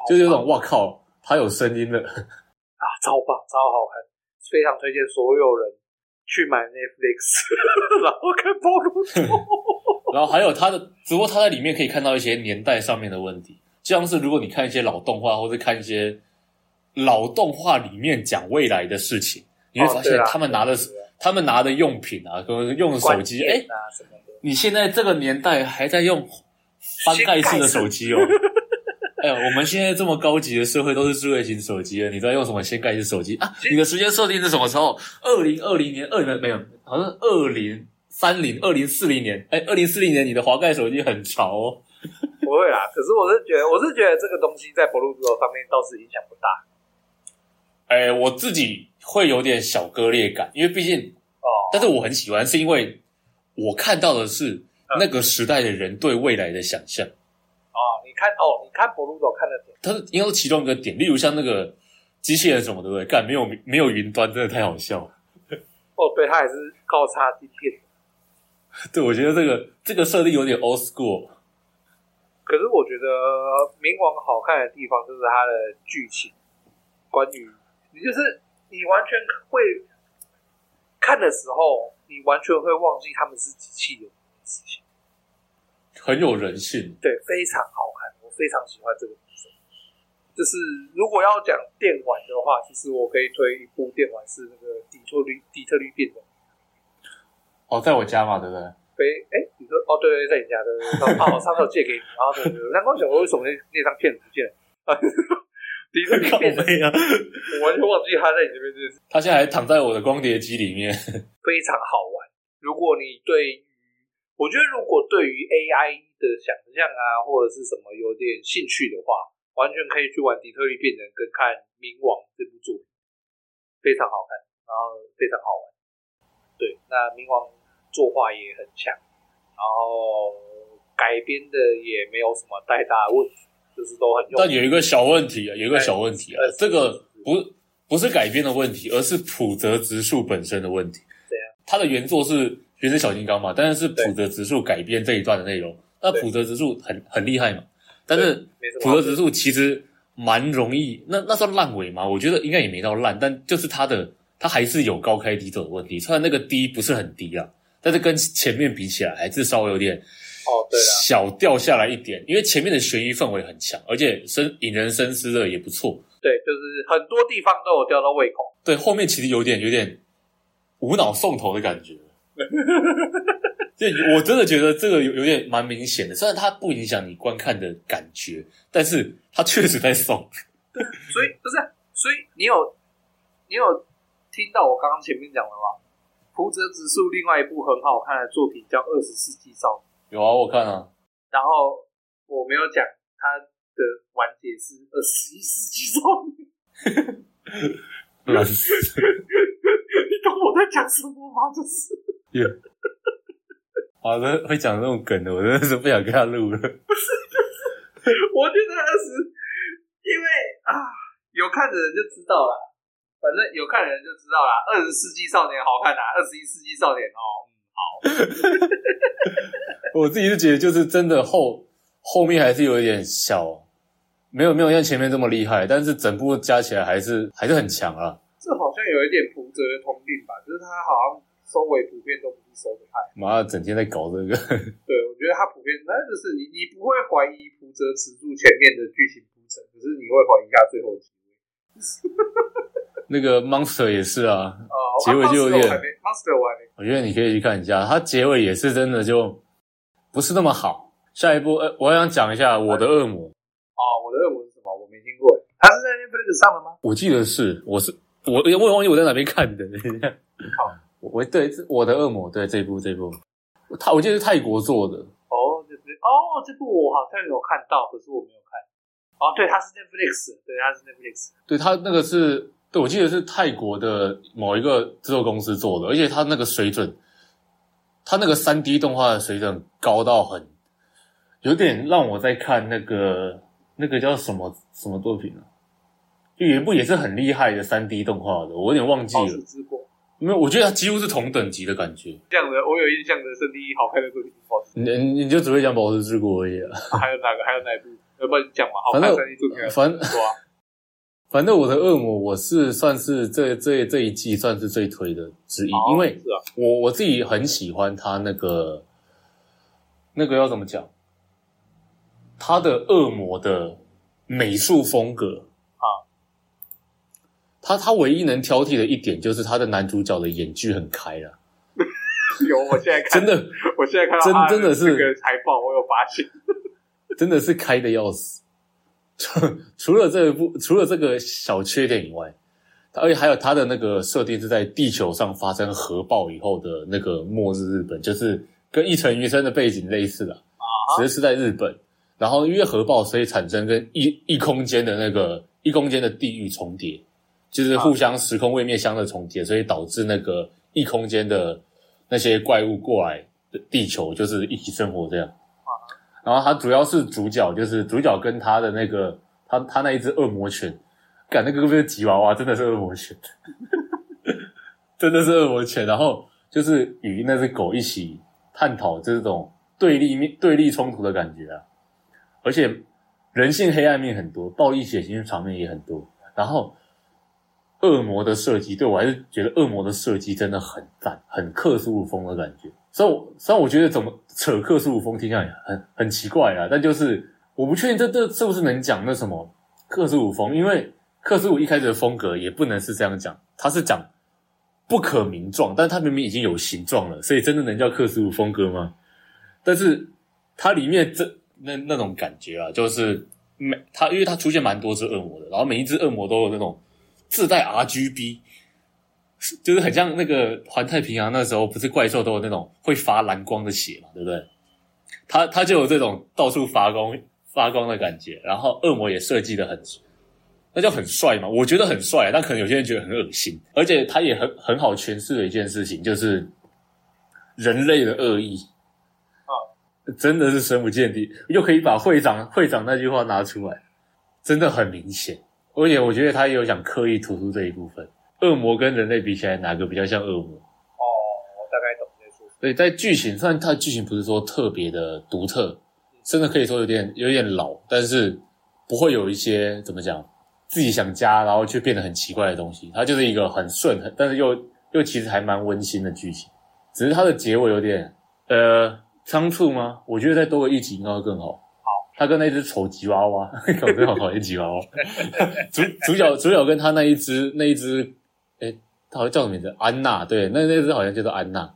就是有種哇靠，他有聲音了啊，超棒，超好看，非常推薦所有人去買 Netflix， 然後看普魯托， 然後還有他的，只不過他在裡面可以看到一些年代上面的問題，就像是如果你看一些老動畫或者看一些老動畫裡面講未來的事情，啊，你會發現他們拿的是。他們拿的用品啊，都用手機。哎、啊欸，你現在這個年代還在用翻蓋式的手機哦？哎、 欸，我們現在這麼高級的社會都是智慧型手機了，你在用什麼掀蓋式手機啊？你的時間設定是什麼時候？二零二零年二的沒有，好像二零三零、二零四零年。哎、欸，二零四零年你的滑蓋手機很潮哦。 不會啦，可是我是覺得，我是覺得這個東西在部落格方面倒是影響不大。哎、欸，我自己。會有點小割裂感，因為畢竟哦，但是我很喜歡，是因為我看到的是那個時代的人對未來的想象啊。你看哦，你看《博魯索》看的點，它應該是因為其中一個點，例如像那個機器人什麼的，對不對？幹沒有，沒有雲端，真的太好笑了。哦，對，他還是靠插晶片。對，我覺得這個這個設定有點 old school。可是我覺得《冥王》好看的地方就是它的劇情，關於，也就是。你完全會看的時候，你完全會忘記他們是機器人的事情，很有人性，對，非常好看，我非常喜歡這個角色。就是如果要講電玩的話，其實我可以推一部電玩是那個底特律，底特律變的。哦，在我家嘛，對不對？對，哎，你說哦，對，對對，在你家對不對哦，我 啊、我上次借給你，然後那個，然後 我我我送那那張片子不見了。 迪特利靠北啊！我完全忘記他在你這邊，他現在還躺在我的光碟機裡面，非常好玩。如果你對，我覺得如果對於 AI 的想象啊，或者是什麼有點興趣的話，完全可以去玩《迪特利變人》跟看《冥王》這部作品，非常好看，然後非常好玩。對，那冥王作畫也很強，然後改編的也沒有什麼太大問題。就是、但有一個小問題啊，有一個小問題啊，這個不不是改編的問題，而是浦澤直樹本身的問題。對啊，他的原作是《原子小金剛》嘛，但是是浦澤直樹改編這一段的內容。那浦澤直樹很很厲害嘛，但是浦澤直樹其實蠻容易，那那算爛尾嗎？我覺得應該也沒到爛，但就是他的他還是有高開低走的問題。雖然那個低不是很低啊，但是跟前面比起來還是稍微有點。哦、oh，對了，小掉下來一點，因為前面的懸疑氛圍很強，而且深引人深思的也不錯。對，就是很多地方都有吊到胃口。對，後面其實有點有點無腦送頭的感覺。 對，我真的覺得這個有有點蠻明顯的，雖然它不影響你觀看的感覺，但是它確實在送。對 所以不是，所以你有你有聽到我剛剛前面講的嗎？浦澤直樹另外一部很好看的作品叫《二十世紀造》。有啊，我看啊。然後我沒有講他的完結是二十一世紀少年。老師，你懂我在講什麼嗎？這是。 Yeah . 好的，會講這種梗的，我真的是不想跟他錄了。不是，就是我覺得二十，因為啊，有看的人就知道啦。反正有看的人就知道啦，二十世紀少年好看吶，二十一世紀少年哦，嗯，好。 我自己就覺得，就是真的後後面還是有一點小，沒有沒有像前面這麼厲害，但是整部加起來還是還是很強啊。這好像有一點浦澤的通病吧，就是他好像收尾普遍都不是收的太。媽，整天在搞這個。嗯、對，我覺得他普遍那就是你你不會懷疑浦澤持住前面的劇情鋪陳，只是你會懷疑他最後結尾。 那個 Monster 也是啊，哦、啊結尾就有點 Monster 完了。啊 Master，我覺得你可以去看一下，他結尾也是真的就。不是那麼好。下一部，呃，我想講一下我的惡魔。哦，我的惡魔是什麼？我沒聽過。他是在 Netflix 上的嗎？我記得是，我是我，我也忘記我在哪邊看的。等一下你好，我，我對我的惡魔，對這一部，這一部，他，我記得是泰國做的。哦，這是哦，這部我好像有看到，可是我沒有看。哦，對，它是 Netflix，對，它是 Netflix，對，它那個是對，我記得是泰國的某一個製作公司做的，而且它那個水準。他那個三 D 動畫的水準高到很，有點讓我在看那個那個叫什麼什麼作品呢、啊？就原部也是很厲害的三 D 動畫的，我有點忘記了。保持之沒有，我覺得它幾乎是同等級的感覺。這樣的，我有印象的是第 D 好看的作品，寶你你就只會講寶石之國而已啊。啊。還有哪個？還有哪一部？ 要不然你講吧，好看的三 D 作品，反正反正反正我的惡魔，我是算是這這這一季算是最推的之一，oh, 因為我是、啊、我，我自己很喜歡他那個那個要怎麼講，他的惡魔的美術風格啊，oh. 他他唯一能挑剔的一點就是他的男主角的眼距很開了、啊。 有，我現在看真的，我現在看到他真，真，真的是、這個海報，我有發現， 真的是開的要死。除 除了這部，個，除了這個小缺點以外，而且還有它的那個設定是在地球上發生核爆以後的那個末日日本，就是跟《異塵餘生》的背景類似的其只是是在日本，然後因為核爆，所以產生跟異異空間的那個異空間的地域重疊，就是互相時空位面相的重疊，所以導致那個異空間的那些怪物過來的地球，就是一起生活這樣。然後他主要是主角，就是主角跟他的那個他他那一隻惡魔犬，看那個不是吉娃娃，真的是惡魔犬， 真的是惡魔犬。然後就是與那隻狗一起探討這種對立面對立衝突的感覺啊，而且人性黑暗面很多，暴力血腥場面也很多。然後惡魔的設計，對我還是覺得惡魔的設計真的很讚，很克蘇魯風的感覺。所以，我，所以我覺得怎麼？扯克蘇魯風聽起來很很奇怪啊，但就是我不確定這這是不是能講那什麼克蘇魯風，因為克蘇魯一開始的風格也不能是這樣講，它是講不可名狀，但它明明已經有形狀了，所以真的能叫克蘇魯風格嗎？但是它裡面這那那種感覺啊，就是每它因為它出現蠻多隻惡魔的，然後每一隻惡魔都有那種自帶 RGB。就是很像那個環太平洋那時候，不是怪獸都有那種會發藍光的血嘛，對不對？他他就有這種到處發光發光的感覺，然後惡魔也設計的很，那就很帥嘛，我覺得很帥啊，但可能有些人覺得很惡心，而且他也很很好詮釋了一件事情，就是人類的惡意啊，真的是深不見底，又可以把會長會長那句話拿出來，真的很明顯，而且我覺得他也有想刻意突出這一部分。惡魔跟人類比起來，哪個比較像惡魔？哦，我大概懂這意思。對，在劇情，雖然它的劇情不是說特別的獨特，甚至可以說有點有點老，但是不會有一些怎麼講自己想加，然後卻變得很奇怪的東西。它就是一個很順，但是又又其實還蠻溫馨的劇情。只是它的結尾有點呃倉促嗎？我覺得再多個一集應該會更好。好，他跟那隻醜吉娃娃搞不好好一吉娃娃。 主主角主角跟他那一隻那一隻。哎、欸，他好像叫什麼名字？安娜？對，那那個、隻好像叫做安娜，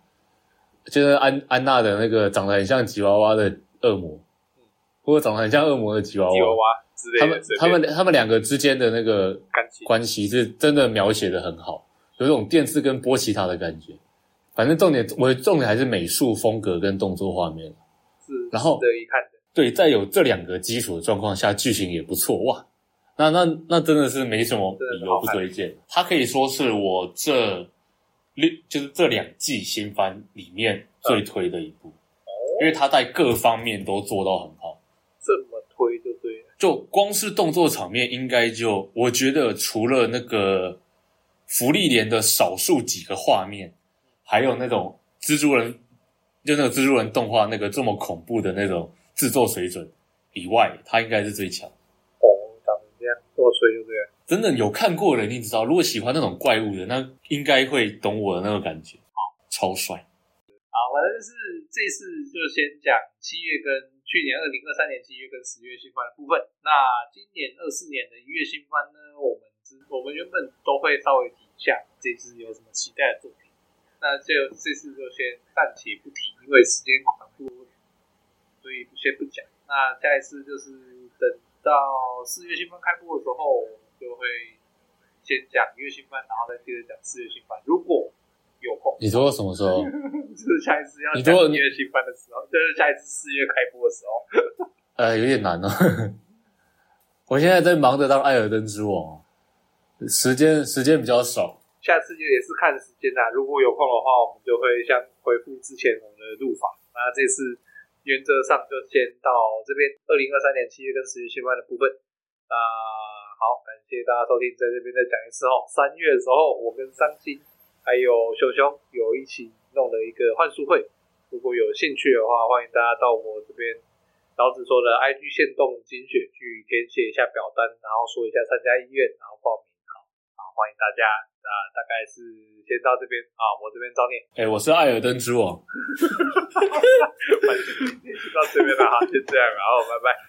就是安安娜的那個長得很像吉娃娃的惡魔、嗯，或者長得很像惡魔的吉娃娃。吉娃娃之類的。他們他們他們兩個之間的那個關係是真的描寫的很好，有種電視跟波奇塔的感覺。反正重點，我的重點還是美術風格跟動作畫面。是、嗯。然後。值得一看的。對，在有這兩個基礎的狀況下，劇情也不錯哇。那那那真的是沒什麼理由不推薦。它可以說是我這六、嗯、就是這兩季新番裡面最推的一部，嗯、因為它在各方面都做到很好。這麼推就對了。就光是動作場面應，應該就我覺得除了那個芙莉蓮的少數幾個畫面，還有那種蜘蛛人，就那個蜘蛛人動畫那個這麼恐怖的那種製作水準以外，它應該是最強。多帥，對不對？真的有看過的人，你知道，如果喜歡那種怪物的，那應該會懂我的那個感覺。好，超帥。好，反正就是這次就先講七月跟去年二零二三年七月跟十月新番的部分。那今年二四年的一月新番呢，我們我們原本都會稍微提一下這次有什麼期待的作品，那就這次就先暫且不提，因為時間趕不過去。所以先不講。那下一次就是等。到四月新番開播的時候，就會先講十月新番，然後再接着講四月新番。如果有空，你說什麼時候？ 就是下一次要，你說十月新番的時候，就是下一次四月開播的時候。 呃，有點難哦、啊。 我現在在忙着當艾爾登之王，時間時間比較少。下次也是看時間啦，如果有空的話，我們就會像回復之前我們的錄法。那這次。原則上就先到這邊，二零二三年七月跟十月新番的部分。啊、呃，好，感謝大家收聽，在這邊再講一次哦。三月的時候，我跟三心還有熊熊有一起弄了一個幻術會，如果有興趣的話，歡迎大家到我這邊，老子說的 IG 限動精選去填寫一下表單，然後說一下參加意願，然後報名。歡迎大家啊、呃，大概是先到這邊啊、哦，我這邊照念。哎、欸，我是艾爾登之王。哈哈哈哈哈！到這邊了哈，就這樣吧，好、 哦，拜拜。